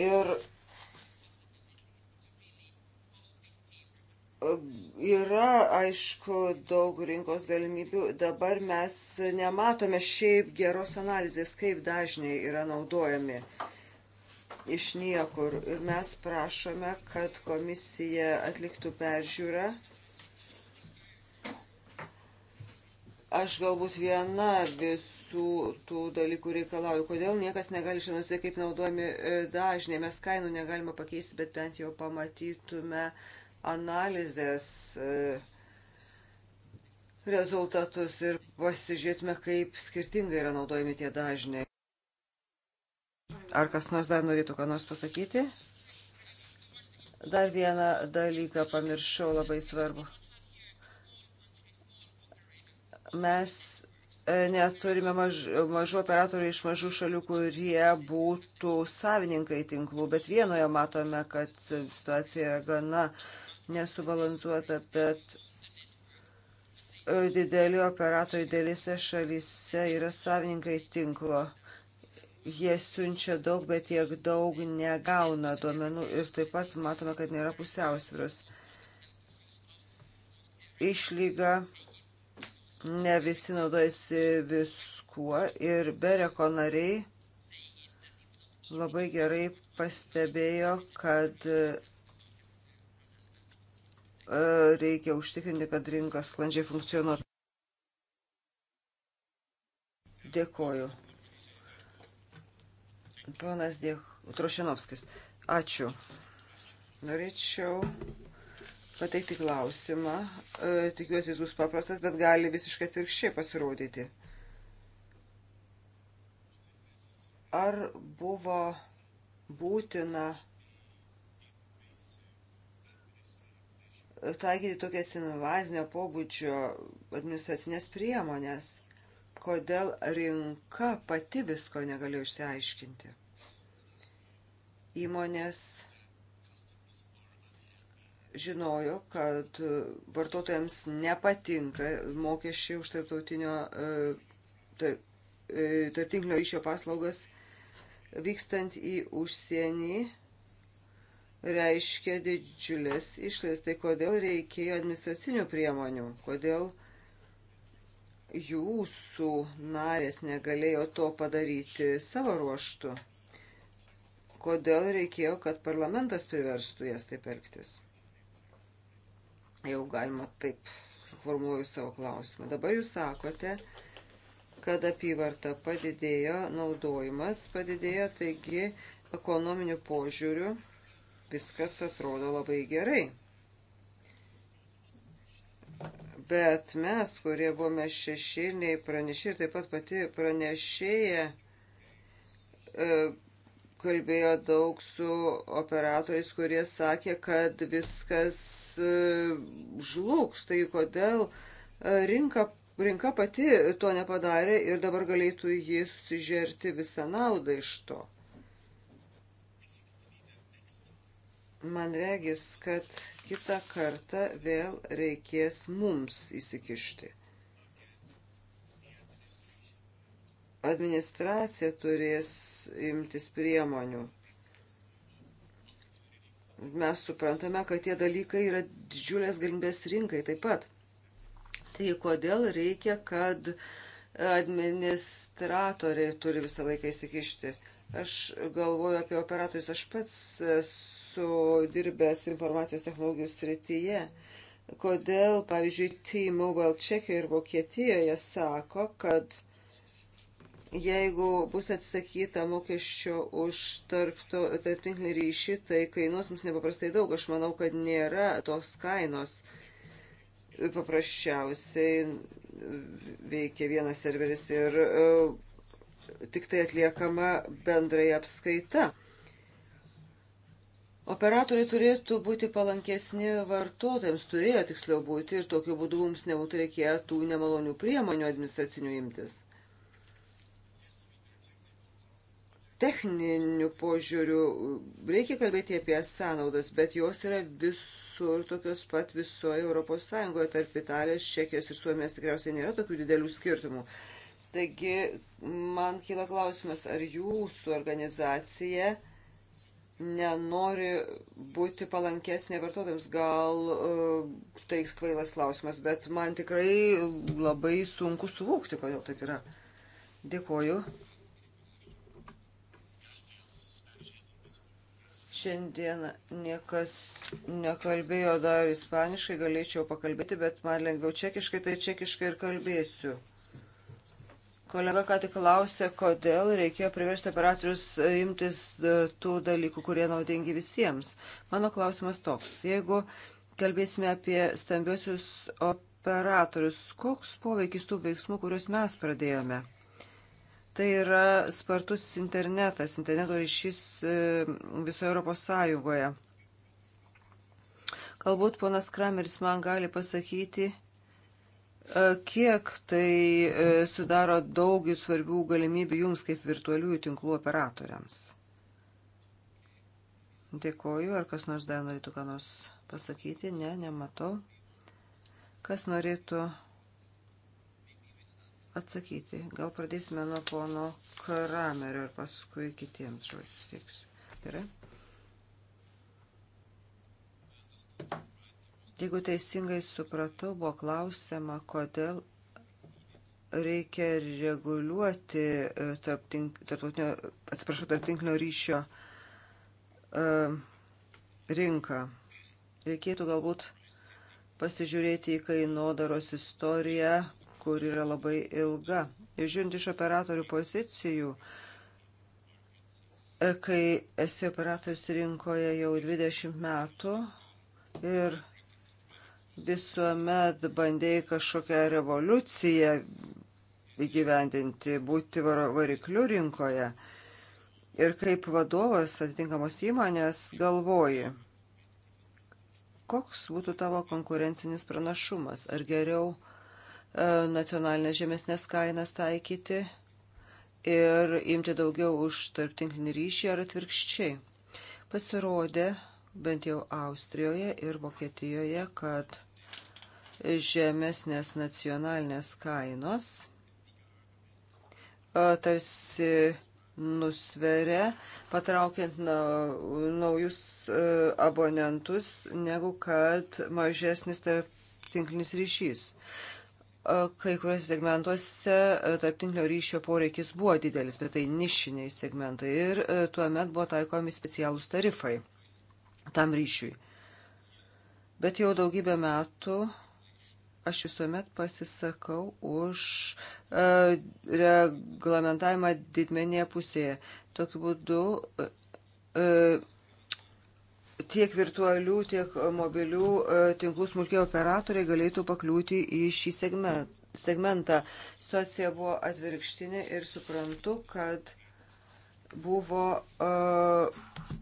Ir yra, aišku, daug rinkos galimybių. Dabar mes nematome šiaip geros analizės, kaip dažniai yra naudojami uh, iš niekur. Ir mes prašome, kad komisija atliktų peržiūrą. Aš galbūt viena visų tų dalykų reikalauju. Kodėl niekas negali žinoti, kaip naudojami e, dažniai. Mes kainų negalime pakeisti, bet bent jau pamatytume analizės e, rezultatus ir pasižiūrėtume, kaip skirtingai yra naudojami tie dažniai. Ar kas nors dar norėtų ką nors pasakyti? Dar vieną dalyką pamiršau labai svarbu. Mes e, neturime maž, mažų operatorių iš mažų šalių, kurie būtų savininkai tinklų, bet vienoje matome, kad situacija yra gana nesubalansuota, bet e, dideli operatoriai dėlėse šalyse yra savininkai tinklo jie siunčia daug, bet tiek daug negauna duomenų ir taip pat matome, kad nėra pusiausvyros. Išlyga ne visi naudojasi viskuo ir Bereko nariai labai gerai pastebėjo, kad e, reikia užtikrinti, kad rinka sklandžiai funkcionuotų. Dėkoju. Ponas Dėk, Trošinovskis. Ačiū. Norėčiau pateikti klausimą. E, tikiuosi, jis bus paprastas, bet gali visiškai atvirkščiai pasirodyti. Ar buvo būtina taikyti tokias invazinio pobūdžio administracinės priemonės? kodėl rinka pati visko negalėjo išsiaiškinti. Įmonės žinojo, kad vartotojams nepatinka mokesčiai už tarptautinio e, e, tarptinklinio ryšio paslaugas vykstant į užsienį reiškia didžiulės išlaidas. Tai kodėl reikėjo administracinių priemonių, kodėl jūsų narės negalėjo to padaryti savo ruoštų? Kodėl reikėjo, kad parlamentas priverstų jas taip elgtis? Jau galima taip formuluoju savo klausimą. Dabar jūs sakote, kad apyvarta padidėjo, naudojimas padidėjo, taigi ekonominiu požiūriu viskas atrodo labai gerai. bet mes, kurie buvome šešiniai pranešiai ir taip pat pati pranešėja, e, kalbėjo daug su operatoriais, kurie sakė, kad viskas e, žlugs, tai kodėl e, rinka, rinka pati to nepadarė ir dabar galėtų jis susižerti visą naudą iš to. Man regis, kad kitą kartą vėl reikės mums įsikišti. Administracija turės imtis priemonių mes suprantame, kad tie dalykai yra didžiulės galimybės rinkai taip pat. Tai kodėl reikia, kad administratoriai turi visą laiką įsikišti? Aš galvoju apie operatorius, aš pats esu dirbęs informacijos technologijų srityje. Kodėl, pavyzdžiui, T-Mobile Čekijoje ir Vokietijoje sako, kad jeigu bus atsisakyta mokesčio už tarptinklinį ryšį, tai kainuos mums nepaprastai daug. Aš manau, kad nėra tos kainos. Paprasčiausiai veikia vienas serveris ir uh, tik tai atliekama bendrai apskaita. Uh, Operatoriai turėtų būti palankesni vartotojams, turėjo tiksliau būti ir tokiu būdu mums nebūtų reikėtų nemalonių priemonių administracinių imtis. Techninių požiūrių reikia kalbėti apie sąnaudas, bet jos yra visur tokios pat visoje Europos Sąjungoje, tarp Italijos, Čekijos ir Suomijos tikriausiai nėra tokių didelių skirtumų. Taigi man kyla klausimas, ar jūsų organizacija nenori būti palankesnė vartotojams. Gal uh, tai kvailas klausimas, bet man tikrai labai sunku suvokti, kodėl taip yra. Dėkoju. Šiandien niekas nekalbėjo dar ispaniškai, galėčiau pakalbėti, bet man lengviau čekiškai, tai čekiškai ir kalbėsiu. Kolega ką tik klausė, kodėl reikėjo priversti operatorius e, imtis e, tų dalykų, kurie naudingi visiems. Mano klausimas toks. Jeigu kalbėsime apie stambiosius operatorius, koks poveikis tų veiksmų, kuriuos mes pradėjome? Tai yra spartus internetas, interneto ryšys e, visoje Europos Sąjungoje. Galbūt ponas Krameris man gali pasakyti, E, kiek tai e, sudaro daug svarbių galimybių jums kaip virtualiųjų tinklų operatoriams? Dėkoju, ar kas nors dar norėtų ką nors pasakyti? Ne, nematau. Kas norėtų atsakyti? Gal pradėsime nuo pono Kramerio ir paskui kitiems žodžius teiksiu. Gerai? Jeigu teisingai supratau, buvo klausima, kodėl reikia reguliuoti e, tarptautinio, atsiprašau, tarptinklinio ryšio uh, rinką. Reikėtų galbūt pasižiūrėti į kainodaros istoriją, kur yra labai ilga. Ir žiūrint iš operatorių pozicijų, e, kai esi operatorius rinkoje jau 20 metų ir visuomet bandėjai kažkokią revoliuciją įgyvendinti, būti varikliu rinkoje. Ir kaip vadovas atitinkamos įmonės galvoji, koks būtų tavo konkurencinis pranašumas? Ar geriau e, nacionalinės žemesnės kainas taikyti ir imti daugiau už tarptinklinį ryšį ar atvirkščiai? Pasirodė, bent jau Austrijoje ir Vokietijoje, kad žemesnės nacionalinės kainos tarsi nusveria, patraukiant naujus abonentus, negu kad mažesnis tarp tinklinis ryšys. Kai kuriuose segmentuose tarp tinklinio ryšio poreikis buvo didelis, bet tai nišiniai segmentai ir tuomet buvo taikomi specialūs tarifai tam ryšiui. Bet jau daugybę metų aš visuomet pasisakau už e, reglamentavimą didmenėje pusėje. Tokiu būdu e, e, tiek virtualių, tiek mobilių e, tinklų smulkiai operatoriai galėtų pakliūti į šį segmentą. segmentą. Situacija buvo atvirkštinė ir suprantu, kad buvo uh, e,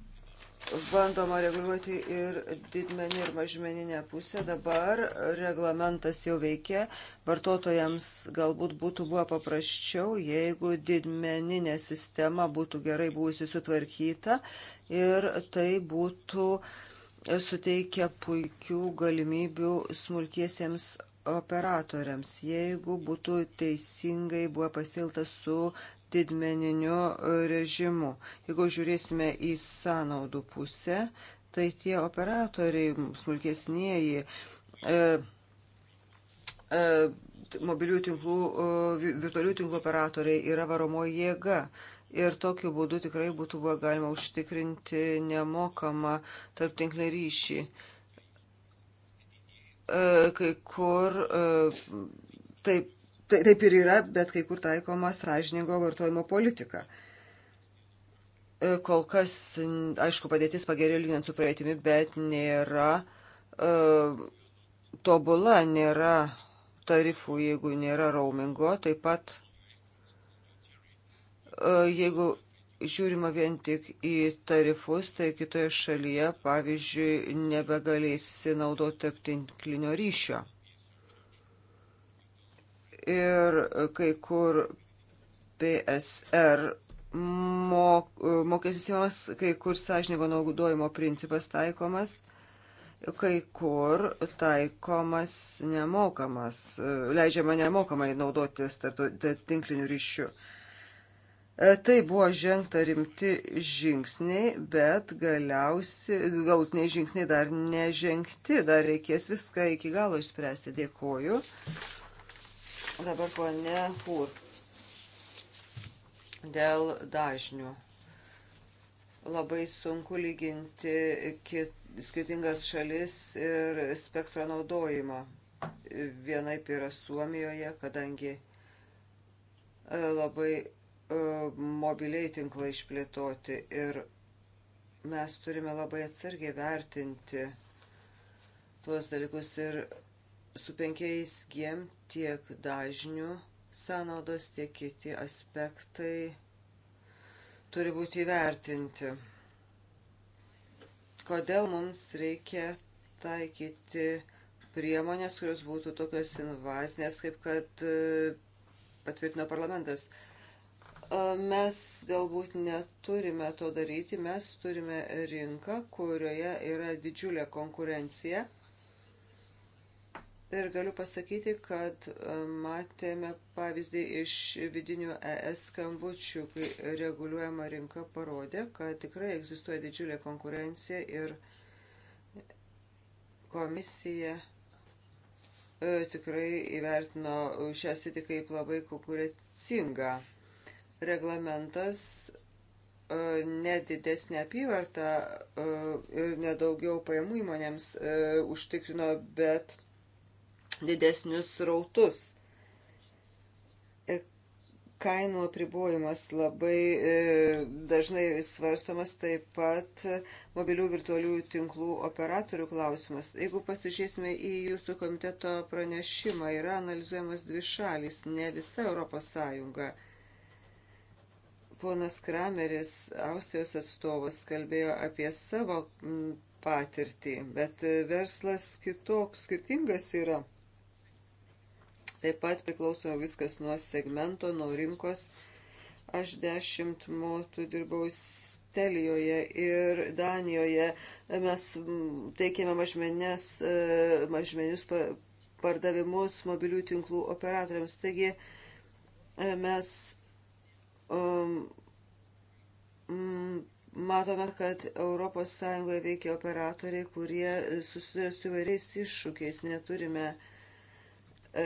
bandoma reguliuoti ir didmenį ir mažmeninę pusę. Dabar reglamentas jau veikia. Vartotojams galbūt būtų buvo paprasčiau, jeigu didmeninė sistema būtų gerai buvusi sutvarkyta ir tai būtų suteikia puikių galimybių smulkiesiems operatoriams, jeigu būtų teisingai buvo pasiltas su didmeniniu e, režimu. Jeigu žiūrėsime į sąnaudų pusę, tai tie operatoriai, smulkesnieji, e, e, mobilių tinklų, e, virtualių tinklų operatoriai yra varomoji jėga. Ir tokiu būdu tikrai būtų buvo galima užtikrinti nemokamą tarptinklį ryšį. E, kai kur e, taip Taip ir yra, bet kai kur taikoma sąžiningo vartojimo politika. E, kol kas, aišku, padėtis pagerėjo lyginant su praeitimi, bet nėra uh, tobula, nėra tarifų, jeigu nėra roamingo. Taip pat, uh, jeigu žiūrima vien tik į tarifus, tai kitoje šalyje, pavyzdžiui, nebegalėsi naudoti tarptinklinio ryšio ir kai kur PSR mokestis įmamas, kai kur sąžininko naudojimo principas taikomas, kai kur taikomas nemokamas, leidžiama nemokamai naudotis tinkliniu ryšiu. E, tai buvo žengta rimti žingsniai, bet galiausiai, galutiniai žingsniai dar nežengti, dar reikės viską iki galo išspręsti. Dėkoju. Dabar ponė Fūr. Dėl dažnių. Labai sunku lyginti kit, skirtingas šalis ir spektro naudojimą. Vienaip yra Suomijoje, kadangi e, labai e, mobiliai tinklai išplėtoti ir mes turime labai atsargiai vertinti tuos dalykus ir su 5G tiek dažnių sąnaudos, tiek kiti aspektai turi būti įvertinti. Kodėl mums reikia taikyti priemonės, kurios būtų tokios invazinės, kaip kad e, patvirtino parlamentas. E, mes galbūt neturime to daryti, mes turime rinką, kurioje yra didžiulė konkurencija – Ir galiu pasakyti, kad e, matėme pavyzdį iš vidinių ES skambučių, kai reguliuojama rinka parodė, kad tikrai egzistuoja didžiulė konkurencija ir komisija e, tikrai įvertino šią sitį kaip labai konkurencingą. Reglamentas e, nedidesnė apyvarta ir nedaugiau pajamų įmonėms užtikrino, bet didesnius rautus. E, kainų apribojimas labai e, dažnai svarstomas taip pat mobilių virtualių tinklų operatorių klausimas. Jeigu pasižiūrėsime į jūsų komiteto pranešimą, yra analizuojamas dvi šalis, ne visa Europos Sąjunga ponas Krameris, Austrijos atstovas, kalbėjo apie savo patirtį, bet e, verslas kitoks, skirtingas yra. Taip pat priklauso viskas nuo segmento, nuo rinkos. Aš dešimt metų dirbau Stelijoje ir Danijoje. Mes teikėme mažmenės, e, mažmenius pardavimus mobilių tinklų operatoriams. Taigi e, mes um, matome, kad ES veikia operatoriai, kurie susiduria su įvairiais iššūkiais. Neturime uh, E,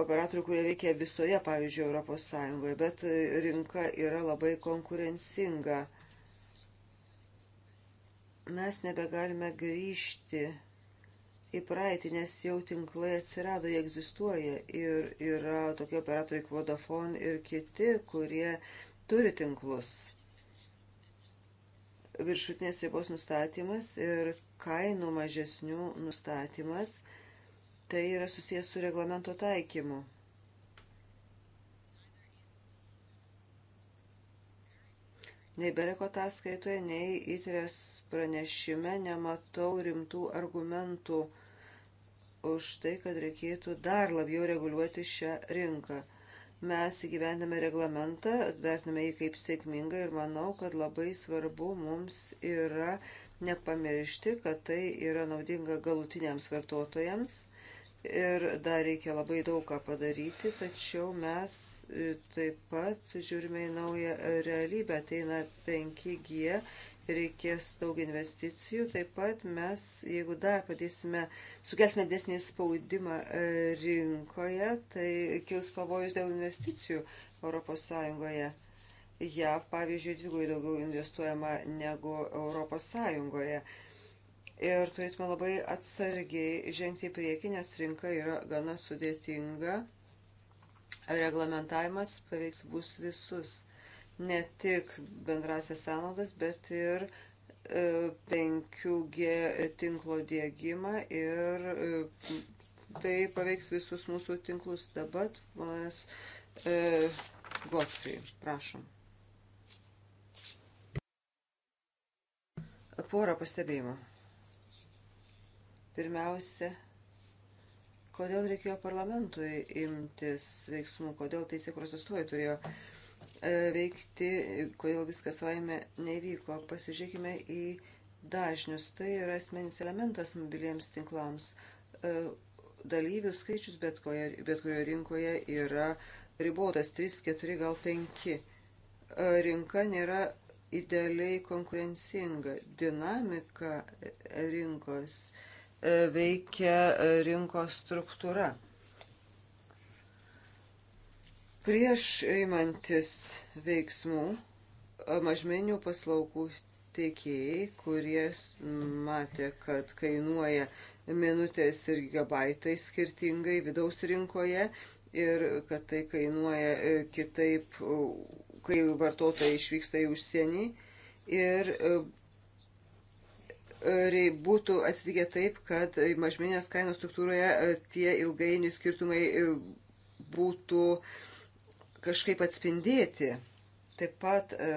operatorių, kurie veikia visoje, pavyzdžiui, Europos Sąjungoje, bet e, rinka yra labai konkurencinga. Mes nebegalime grįžti į praeitį, nes jau tinklai atsirado, jie egzistuoja ir yra tokie operatoriai kaip Vodafone ir kiti, kurie turi tinklus. Viršutinės ribos nustatymas ir kainų mažesnių nustatymas – Tai yra susijęs su reglamento taikymu. Nei Bereko ataskaitoje, nei įtrės pranešime nematau rimtų argumentų už tai, kad reikėtų dar labiau reguliuoti šią rinką. Mes įgyvendame reglamentą, vertiname jį kaip sėkmingą ir manau, kad labai svarbu mums yra nepamiršti, kad tai yra naudinga galutiniams vartotojams ir dar reikia labai daug ką padaryti, tačiau mes e, taip pat žiūrime į naują realybę, ateina 5G, reikės daug investicijų, taip pat mes, jeigu dar padėsime, sukelsime desnį spaudimą e, rinkoje, tai kils pavojus dėl investicijų ES. JAV, pavyzdžiui, dvigubai daugiau investuojama negu ES ir turėtume labai atsargiai žengti į priekį, nes rinka yra gana sudėtinga. Reglamentavimas paveiks bus visus, ne tik bendrasias sąnaudas, bet ir 5G e, tinklo dėgymą ir e, tai paveiks visus mūsų tinklus. Dabar ponas e, Godfrey, prašom. Porą pastebėjimų. Pirmiausia, kodėl reikėjo parlamentui imtis veiksmų, kodėl teisėkuros atstovai turėjo e, veikti, kodėl viskas savaime nevyko. Pasižiūrėkime į dažnius. Tai yra asmenis elementas mobiliems tinklams. E, dalyvių skaičius bet, koje, bet kurioje rinkoje yra ribotas 3, 4, gal 5. E, rinka nėra idealiai konkurencinga. Dinamika rinkos veikia e, rinkos struktūra. Prieš įmantis veiksmų e, mažmenių paslaugų tiekėjai, kurie matė, kad kainuoja minutės ir gigabaitai skirtingai vidaus rinkoje ir kad tai kainuoja e, kitaip, kai vartotojai išvyksta į užsienį. Ir būtų atsitikę taip, kad mažminės kainos struktūroje e, tie ilgainių skirtumai e, būtų kažkaip atspindėti. Taip pat e,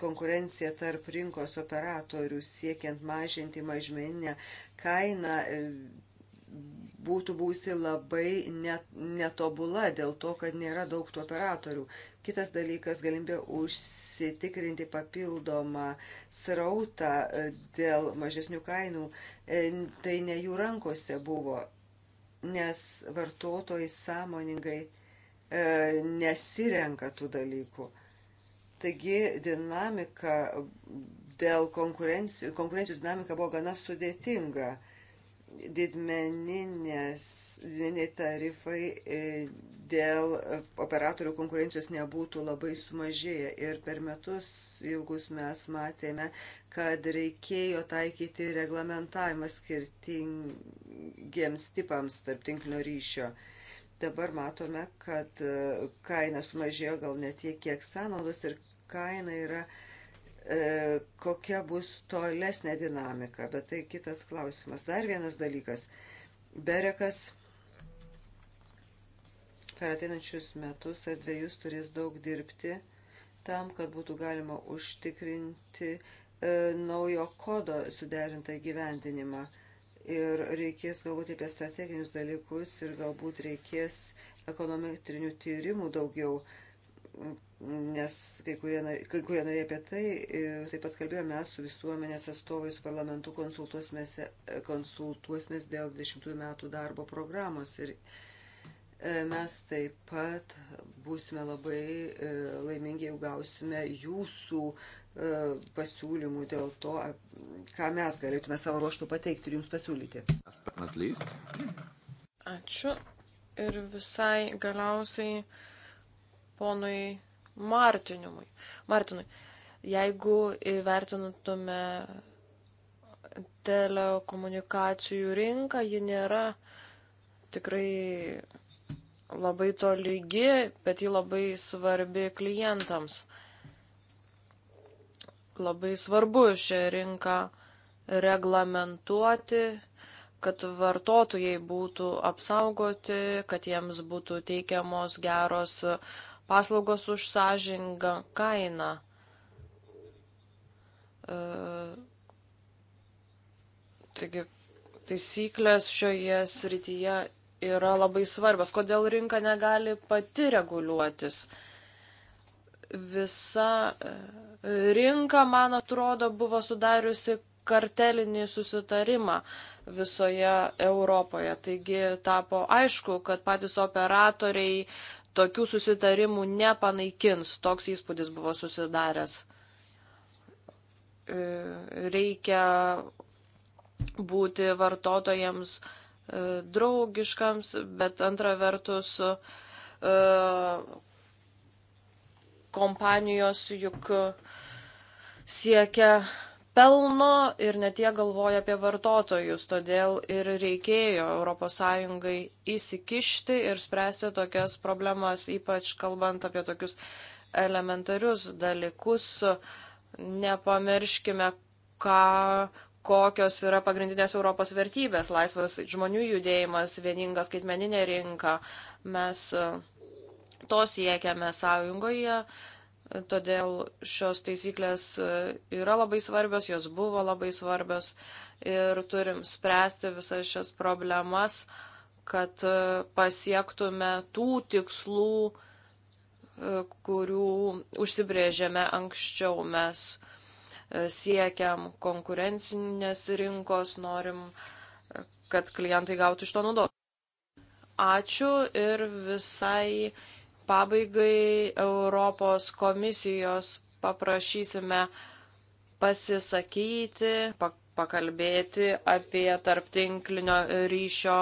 konkurencija tarp rinkos operatorių siekiant mažinti mažmeninę kainą būtų būsi labai netobula dėl to, kad nėra daug tų operatorių. Kitas dalykas - galimybė užsitikrinti papildomą srautą e, dėl mažesnių kainų. E, tai ne jų rankose buvo, nes vartotojai sąmoningai e, nesirenka tų dalykų. Taigi dinamika dėl konkurencijos, konkurencijos dinamika buvo gana sudėtinga. E, didmeniniai tarifai e, dėl operatorių konkurencijos nebūtų labai sumažėję. Ir per metus ilgus mes matėme, kad reikėjo taikyti reglamentavimą skirtingiems tipams tarp tinklinio ryšio. Dabar matome, kad e, kaina sumažėjo gal ne tiek, kiek sąnaudos ir kaina yra uh, E, kokia bus tolesnė dinamika, bet tai kitas klausimas. Dar vienas dalykas. Berekas per ateinančius metus ar dviejus turės daug dirbti tam, kad būtų galima užtikrinti e, naujo kodo suderintą gyvendinimą. Ir reikės galvoti apie strateginius dalykus ir galbūt reikės ekonometrinių tyrimų daugiau nes kai kurie, kai kurie nariai apie tai e, taip pat kalbėjome su visuomenės atstovais parlamentu konsultuosimės, e, konsultuosimės dėl 20 metų darbo programos ir e, mes taip pat būsime labai laimingi, jeigu gausime jūsų pasiūlymų dėl to, ką mes galėtume savo ruoštų pateikti ir jums pasiūlyti. Ačiū ir visai galiausiai ponui Martinimui. Martinui, jeigu įvertintume telekomunikacijų rinką, ji nėra tikrai labai to lygi, bet ji labai svarbi klientams. Labai svarbu šią rinką reglamentuoti, kad vartotojai būtų apsaugoti, kad jiems būtų teikiamos geros paslaugos už sąžingą kainą. E, taigi taisyklės šioje srityje yra labai svarbios. Kodėl rinka negali pati reguliuotis? Visa e, rinka, man atrodo, buvo sudariusi kartelinį susitarimą visoje Europoje. Taigi tapo aišku, kad patys operatoriai tokių susitarimų nepanaikins. Toks įspūdis buvo susidaręs. E, reikia būti vartotojams e, draugiškams, bet antra vertus e, kompanijos juk siekia pelno ir netie galvoja apie vartotojus. Todėl ir reikėjo ES įsikišti ir spręsti tokias problemas, ypač kalbant apie tokius elementarius dalykus. Nepamirškime, ką, kokios yra pagrindinės Europos vertybės - laisvas žmonių judėjimas, vieninga skaitmeninė rinka. Mes to siekiame sąjungoje Todėl šios taisyklės e, yra labai svarbios, jos buvo labai svarbios ir turim spręsti visas šias problemas, kad e, pasiektume tų tikslų, e, kurių užsibrėžėme anksčiau. Mes siekiam konkurencinės rinkos, norim, kad klientai gautų iš to naudos. Ačiū ir visai Pabaigai Europos komisijos paprašysime pasisakyti, pakalbėti apie tarptinklinio ryšio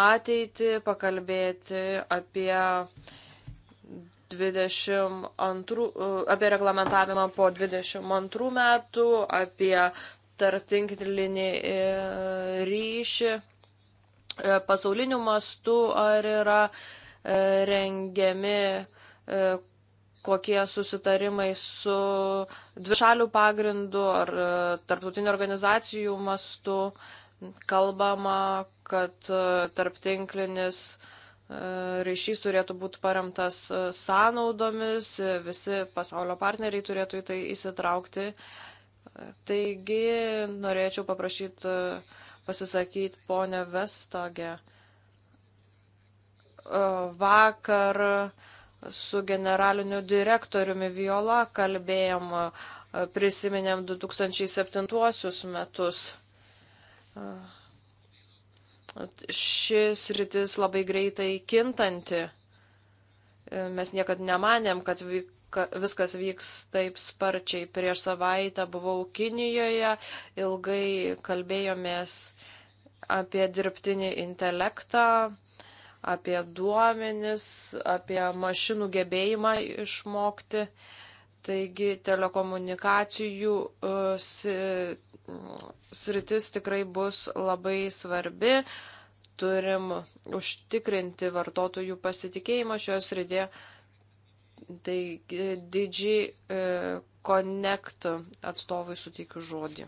ateitį, pakalbėti apie 22, apie reglamentavimą po 22 metų, apie tarptinklinį e, ryšį. E, pasauliniu mastu, ar yra e, rengiami e, kokie susitarimai su dvišalių pagrindu ar tarptautinių organizacijų mastu. Kalbama, kad tarptinklinis ryšys turėtų būti paremtas sąnaudomis, visi pasaulio partneriai turėtų į tai įsitraukti. Taigi norėčiau paprašyti pasisakyti ponę Vestogę. E, vakar su generaliniu direktoriumi Viola kalbėjom, e, prisiminėm 2007 metus. E, šis rytis labai greitai kintanti. Mes niekad nemanėm, kad viskas vyks taip sparčiai. Prieš savaitę buvau Kinijoje, ilgai kalbėjomės apie dirbtinį intelektą, apie duomenis, apie mašinų gebėjimą išmokti. Taigi telekomunikacijų e, sritis tikrai bus labai svarbi. Turim užtikrinti vartotojų pasitikėjimą šioje srityje. Tai e, didžiai Connect e, atstovui suteikiu žodį.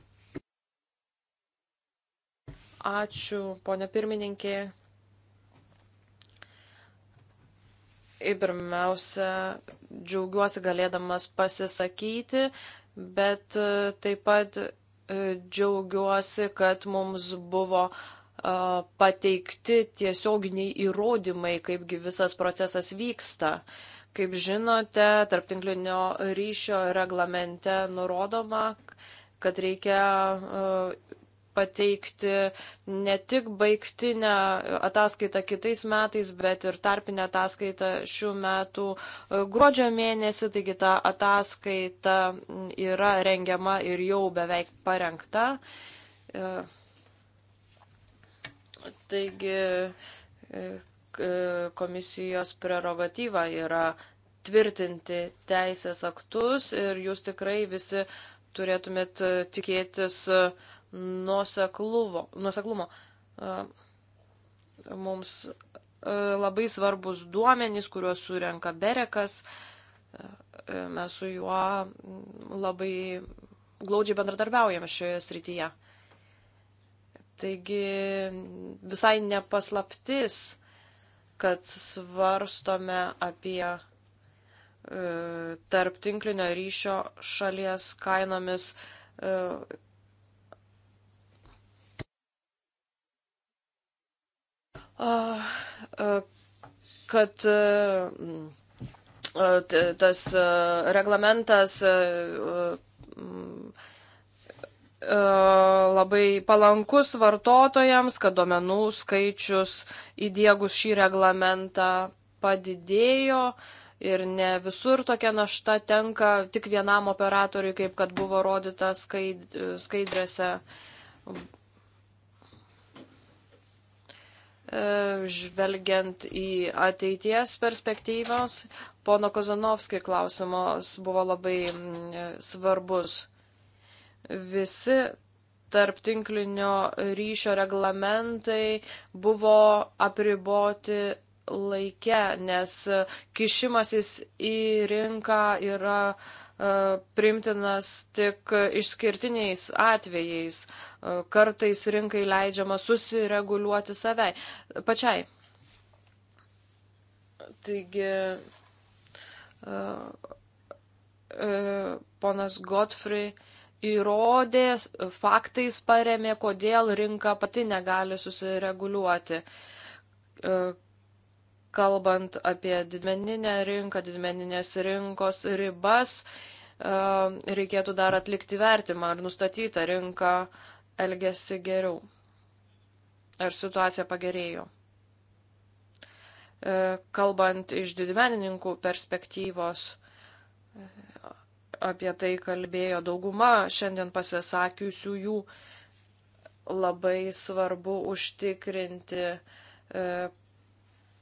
Ačiū, ponia pirmininkė. Ir pirmiausia, džiaugiuosi galėdamas pasisakyti, bet e, taip pat džiaugiuosi, kad mums buvo pateikti tiesioginiai įrodymai, kaipgi visas procesas vyksta. Uh, Kaip žinote, tarptinklinio ryšio reglamente nurodoma, kad reikia e, pateikti ne tik baigtinę ataskaitą kitais metais, bet ir tarpinę ataskaitą šių metų e, gruodžio mėnesį. Taigi ta ataskaita yra rengiama ir jau beveik parengta. E, taigi E, komisijos prerogatyva yra tvirtinti teisės aktus ir jūs tikrai visi turėtumėt e, tikėtis e, nuoseklumo. Mums labai svarbus duomenys, kuriuos surenka Berekas. Mes su juo labai glaudžiai bendradarbiaujame šioje srityje. Taigi visai nepaslaptis, kad svarstome apie e, tarp tinklinio ryšio šalies kainomis. E, e kad e, e, tas reglamentas E, labai palankus vartotojams, kad duomenų skaičius įdėgus šį reglamentą padidėjo ir ne visur tokia našta tenka tik vienam operatoriui, kaip kad buvo rodyta skaidrėse. E, žvelgiant į ateities perspektyvas, pono Kozanovskį klausimas buvo labai mm, svarbus visi tarp tinklinio ryšio reglamentai buvo apriboti laike, nes kišimasis į rinką yra e, primtinas tik išskirtiniais atvejais. E, kartais rinkai leidžiama susireguliuoti savai, pačiai. Taigi, e, ponas Godfrey įrodė, faktais paremė, kodėl rinka pati negali susireguliuoti. E, kalbant apie didmeninę rinką, didmeninės rinkos ribas, e, reikėtų dar atlikti vertimą, ar nustatyta rinka elgesi geriau, ar situacija pagerėjo. E, kalbant iš didmenininkų perspektyvos, apie tai kalbėjo dauguma šiandien pasisakiusiųjų. Labai svarbu užtikrinti e,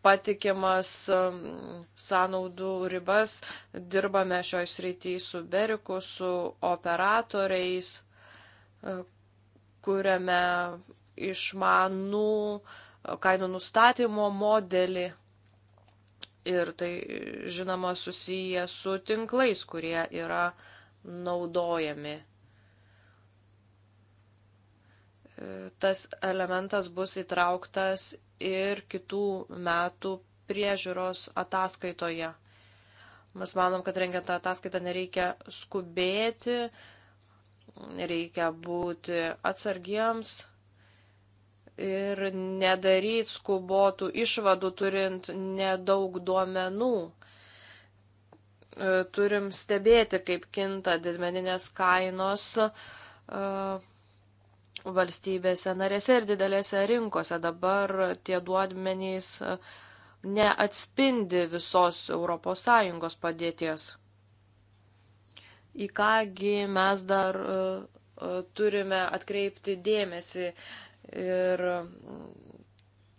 patikimas e, sąnaudų ribas. Dirbame šioj srityje su Beriku, su operatoriais, e, kuriame išmanų kainų nustatymo modelį Ir tai, žinoma, susiję su tinklais, kurie yra naudojami. Tas elementas bus įtrauktas ir kitų metų priežiūros ataskaitoje. Mes manom, kad rengiant tą ataskaitą nereikia skubėti, reikia būti atsargiems, ir nedaryti skubotų išvadų turint nedaug duomenų. E, turim stebėti, kaip kinta didmeninės kainos e, valstybėse narėse ir didelėse rinkose. Dabar tie duomenys e, neatspindi visos ES padėties. Į kągi mes dar turime atkreipti dėmesį, uh, ir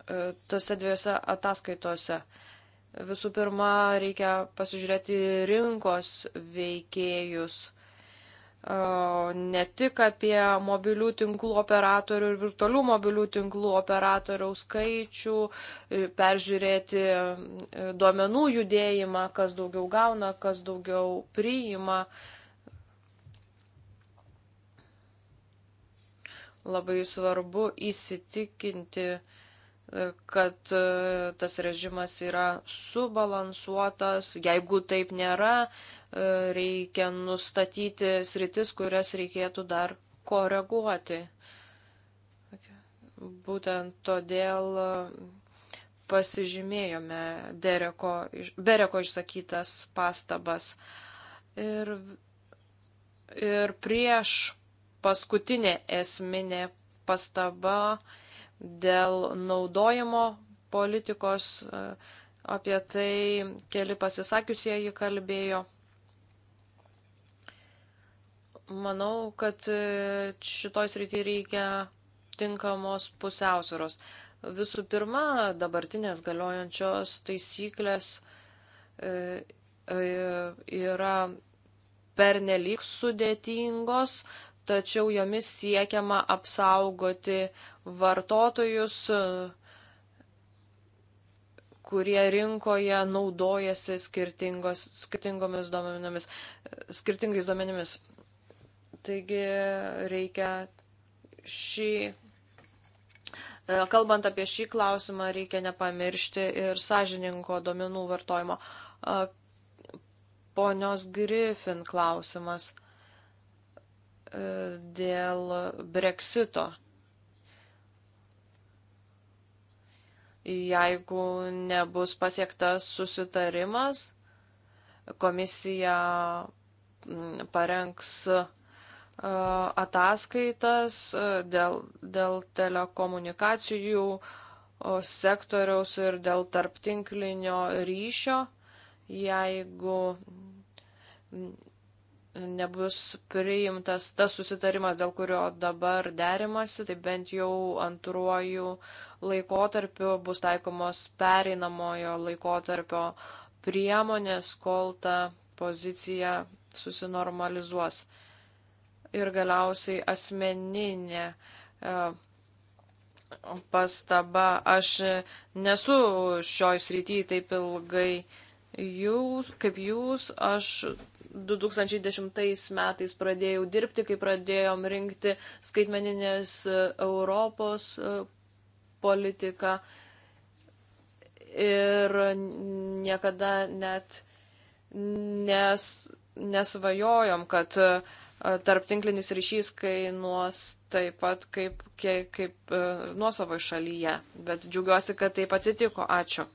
e, tose dviejose ataskaitose. Visų pirma, reikia pasižiūrėti rinkos veikėjus, e, ne tik apie mobilių tinklų operatorių ir virtualių mobilių tinklų operatorių skaičių, e, peržiūrėti duomenų judėjimą, kas daugiau gauna, kas daugiau priima. Labai svarbu įsitikinti, e, kad e, tas režimas yra subalansuotas. Jeigu taip nėra, e, reikia nustatyti sritis, kurias reikėtų dar koreguoti. Būtent todėl pasižymėjome Dereko, Bereko išsakytas pastabas. Ir, ir prieš paskutinė esminė pastaba dėl naudojimo politikos. E, apie tai keli pasisakiusieji kalbėjo. Manau, kad e, šitoj srity reikia tinkamos pusiausvėros. Visų pirma, dabartinės galiojančios taisyklės e, yra pernelyg sudėtingos, tačiau jomis siekiama apsaugoti vartotojus, kurie rinkoje naudojasi skirtingomis duomenimis, skirtingais duomenimis. Taigi reikia šį, e, kalbant apie šį klausimą, reikia nepamiršti ir sąžininko duomenų vartojimo. E, ponios Griffin klausimas. E, dėl breksito. Jeigu nebus pasiektas susitarimas, komisija mm, parengs e, ataskaitas e, dėl, dėl telekomunikacijų sektoriaus ir dėl tarptinklinio ryšio. Jeigu nebus priimtas tas susitarimas, dėl kurio dabar derimasi, tai bent jau antruoju laikotarpiu bus taikomos pereinamojo laikotarpio priemonės, kol ta pozicija susinormalizuos. Ir galiausiai asmeninė e, pastaba. Aš nesu šioj srity taip ilgai jūs, kaip jūs, aš 2010 metais pradėjau dirbti, kai pradėjom rinkti skaitmeninės e, Europos e, politiką ir niekada net nes, nesvajojom, kad e, tarptinklinis ryšys kainuos taip pat kaip, kaip, kaip nuosavoje šalyje. Bet džiugiuosi, kad taip atsitiko. Ačiū.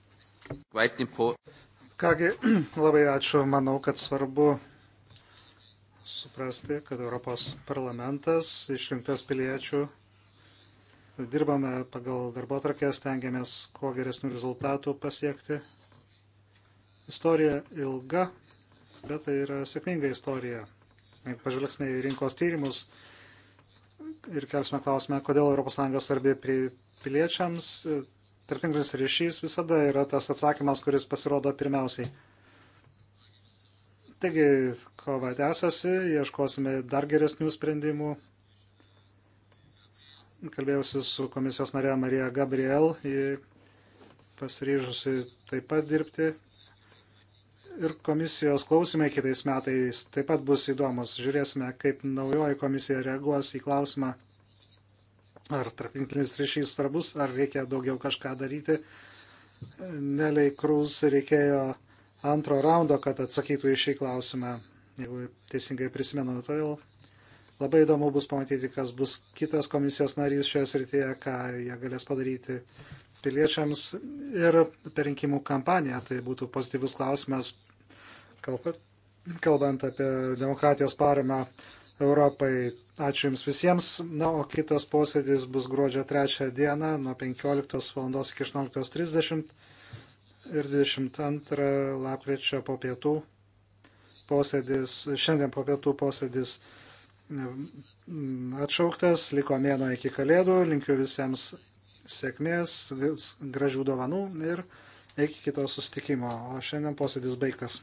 Kągi, labai ačiū. Manau, kad svarbu suprasti, kad Europos parlamentas išrinktas piliečių. Dirbame pagal darbo trakę, stengiamės kuo geresnių rezultatų pasiekti. Istorija ilga, bet tai yra sėkminga istorija. Jeigu pažvelgsime į rinkos tyrimus ir kelsime klausimą, kodėl ES svarbi piliečiams, Tarptinklis ryšys visada yra tas atsakymas, kuris pasirodo pirmiausiai. Taigi, kova tęsiasi, ieškosime dar geresnių sprendimų. Kalbėjausi su komisijos narė Marija Gabriel, ji pasiryžusi taip pat dirbti. Ir komisijos klausimai kitais metais taip pat bus įdomus. Žiūrėsime, kaip naujoji komisija reaguos į klausimą ar tarptinklinis ryšys svarbus, ar reikia daugiau kažką daryti. Neliai Krūs reikėjo antro raundo, kad atsakytų į šį klausimą, jeigu teisingai prisimenu. Todėl tai labai įdomu bus pamatyti, kas bus kitas komisijos narys šioje srityje, ką jie galės padaryti piliečiams ir per rinkimų kampaniją. Tai būtų pozityvus klausimas, kalbant apie demokratijos paramą Europai. Ačiū Jums visiems. Na, o kitas posėdis bus gruodžio 3 dieną nuo 15 val. iki 18.30 ir 22 lapkričio po pietų posėdis, šiandien po pietų posėdis atšauktas, liko mėno iki kalėdų, linkiu visiems sėkmės, gražių dovanų ir iki kito sustikimo. O šiandien posėdis baigtas.